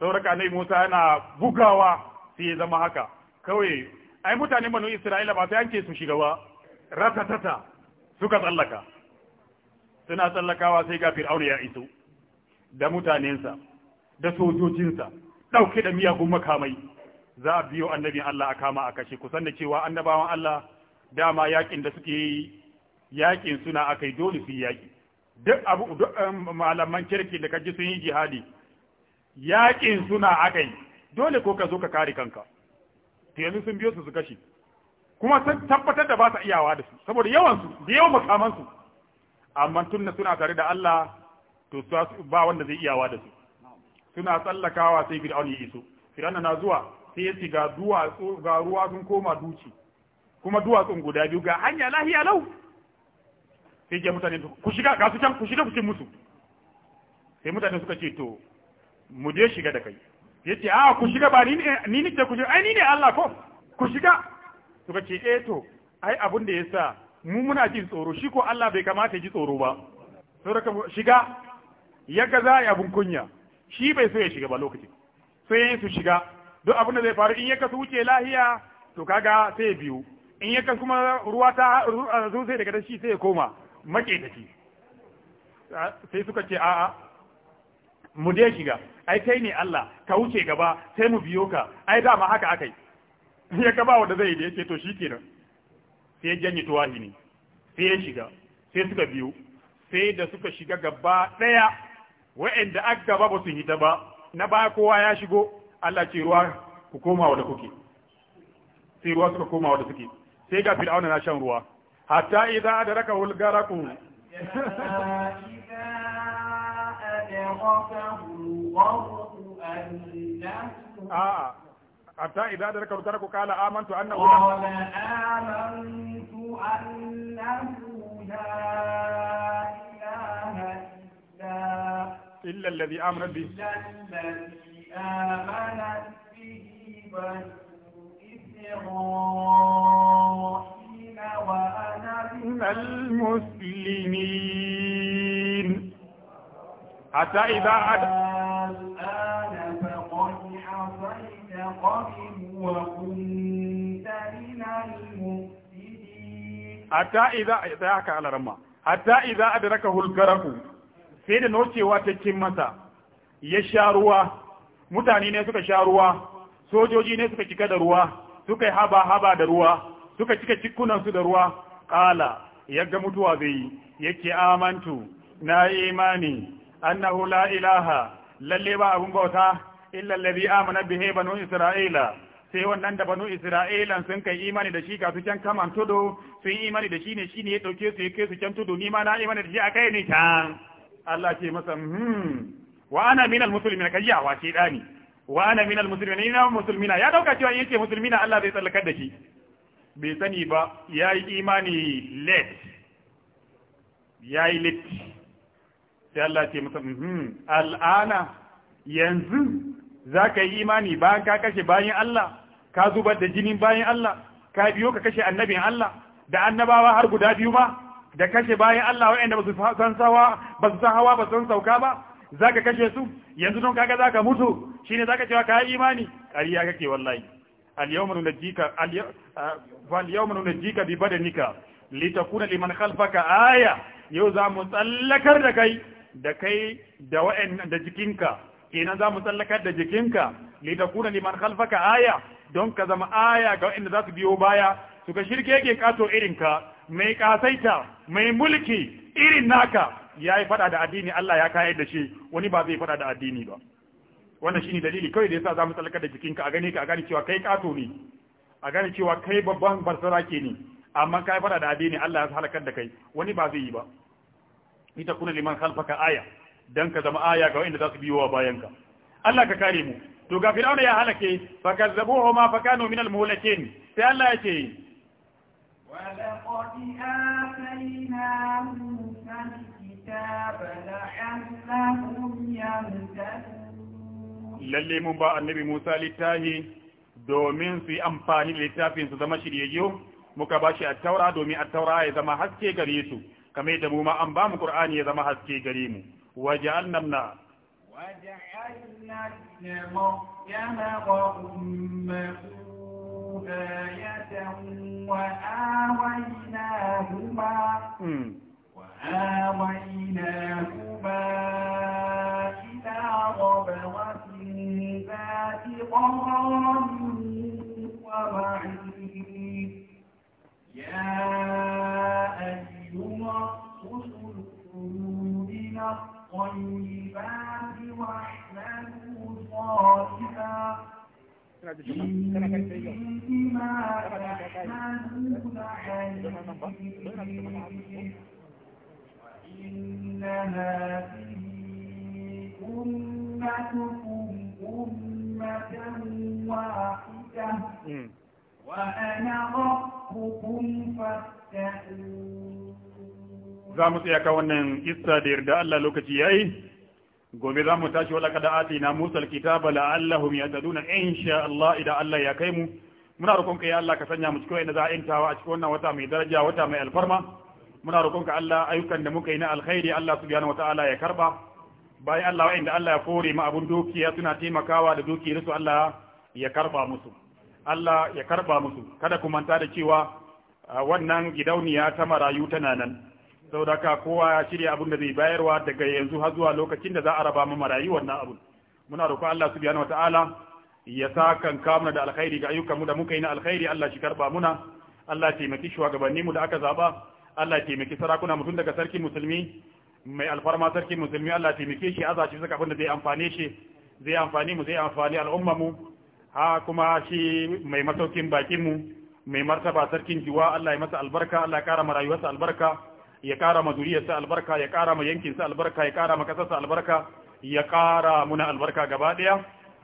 sauraka nai Musa yana bugawa sai ya zama haka kawai ai mutane manu Isra'ila ba sai an ce su shiga ba ratatata suka tsallaka suna tsallakawa sai ga fir'auna ya iso da mutanensa da sojojinsa ɗauke da miyagun makamai za a biyo annabin Allah a kama a kashe kusan da cewa annabawan Allah dama yakin da suke yi yakin suna akai dole su yi yaki duk abu um, malaman kirki da kaji sun yi jihadi yakin suna akai dole ko ka zo ka kare kanka to yanzu sun biyo su su kashe kuma sun tabbatar da ba sa iyawa da su saboda yawan su da yawan makaman amma tunna suna tare da Allah to ba wanda zai iyawa da su suna tsallakawa sai fir'aun ya iso fir'aun na zuwa sai ya ci ga duwatsu ga ruwa sun koma duci kuma duwatsun guda biyu ga hanya lahiya lau sai ya mutane ku shiga ga su can ku shiga ku ci musu sai mutane suka ce to mu je shiga da kai Ya ce a ah, ku shiga ba ni ni ne ku shiga ai ni ne Allah ko ku shiga suka ce eh to ai abun da yasa mu muna jin tsoro shi ko Allah bai kamata ji tsoro ba saboda shiga ya ga za a abun kunya shi bai so ya shiga ba lokacin sai ya su shiga duk abin da zai faru in ya kasu wuce lahiya to kaga sai biyu in ya kasu kuma ruwa ta zo sai daga shi sai ya koma shi sai suka ce a'a mu dai shiga ai kai ne Allah ka wuce gaba sai mu biyo ka ai dama haka akai ya ka ba wanda zai yi da yake to shikenan sai janye tuwahi ne sai ya shiga sai suka biyu sai da suka shiga gaba ɗaya wa'anda aka gaba ba su hita ba na baya kowa ya shigo Allah ce ruwa ku koma wa da kuke sai ruwa suka koma wa da suke sai ga fir'auna na shan ruwa hatta idza adraka hulgaraku a'a حتى إذا أدرك الغرق قال آمنت أنه قال آمنت أنه لا إله إلا إلا الذي آمن به إلا الذي آمنت به بنو إسرائيل وأنا من المسلمين حتى إذا أدرك hatta idza من المفسدين حتى إذا sai da nocewa ta cin masa ya sha ruwa mutane ne suka sha ruwa sojoji ne suka cika da ruwa suka yi haba haba da ruwa suka cika su da ruwa ƙala yaga mutuwa zai yi yake amantu na imani annahu la ilaha lalle ba abun bauta illa allazi amana bihi banu isra'ila sai wannan da banu isra'ilan sun kai imani da shi ga su can kaman tudu sun yi imani da shi ne shi ne ya dauke su ya kai su can tudu ni ma na imani da shi a kai ne can Allah ce masa hmm wa ana minal muslimin kai ya, wace dani wa ana minal muslimin ina muslimina ya dauka cewa in ce muslimina Allah zai tsallakar da shi bai sani ba ya yi imani late ya yi late sai Allah ce masa hmm al'ana yanzu za ka yi imani bayan ka kashe bayan Allah ka zubar da jinin bayan Allah ka biyo ka kashe annabin Allah da annabawa har guda biyu ma da kashe bayan Allah waɗanda ba su san sawa ba su san hawa ba su san sauka ba za ka kashe su yanzu don kaga za ka mutu Shi ne za ka cewa ka yi imani ƙarya kake wallahi al-yawma nunajjika bi badanika liman khalfaka aya yau za mu tsallakar da kai da kai da waɗanda da jikinka kenan za mu tsallakar da jikinka li kuna liman khalfaka aya don ka zama aya ga inda za su biyo baya su ka shirke yake kato irinka mai kasaita mai mulki irin naka ya yi fada da addini Allah ya kayar da shi wani ba zai fada da addini ba wannan shine dalili kawai da yasa za mu tsallakar da jikinka a gane ka a gane cewa kai kato ne a gane cewa kai babban barsarake ne amma kai fada da addini Allah ya halakar da kai wani ba zai yi ba ita kuna liman khalfaka aya dan ka zama aya ga wanda za su biyo bayan bayanka. Allah ka kare mu to ga fir'auna ya halake fa kazzabuhu ma fa kanu min al-muhlakin sai Allah ya ce ولقد آتينا موسى الكتاب لعلهم يهتدون domin su yi amfani da littafin su zama shiryayyo muka bashi a taura domin a taura ya zama haske gare su kamar yadda mu ma an ba mu qur'ani ya zama haske gare mu وجعلنا ابن وجعلنا ابن مريم وأمه آية وآويناهما وآويناهما إلى ربوة ذات قرار إن هذه أمتكم أمة واحدة وأنا ربكم فاتقون za mu tsaya ka wannan isa da yarda Allah lokaci yayi gobe za mu tashi wala kada atina musal kitaba la allahum yataduna insha Allah idan Allah ya kai mu muna roƙon ka ya Allah ka sanya mu cikin za a intawa a cikin wannan wata mai daraja wata mai alfarma muna roƙon ka Allah ayyukan da muka yi na alkhairi Allah subhanahu wataala ya karba bayan Allah wa'inda Allah ya kore mu abun dukiya suna taimakawa da dukiyar su Allah ya karba musu Allah ya karba musu kada ku manta da cewa wannan gidauniya ta marayu tana nan saboda ka kowa ya shirya abun da zai bayarwa daga yanzu har zuwa lokacin da za a raba mu marayu wannan abun muna roƙon Allah subhanahu wataala ya sa kan kamuna da alkhairi ga ayyukanmu da muka yi na alkhairi Allah shi karba muna Allah taimaki shugabanninmu da aka zaba Allah taimaki sarakuna mutum daga sarki musulmi mai alfarma sarki musulmi Allah taimake shi azaci saka abin da zai amfane shi zai amfani mu zai amfani al'umma mu ha kuma shi mai masaukin bakin mu mai martaba sarkin jiwa Allah ya masa albarka Allah ya kara ma rayuwarsa albarka ya kara ma zuriyarsa albarka ya kara ma yankinsa albarka ya kara ma kasarsa albarka ya kara muna albarka gaba daya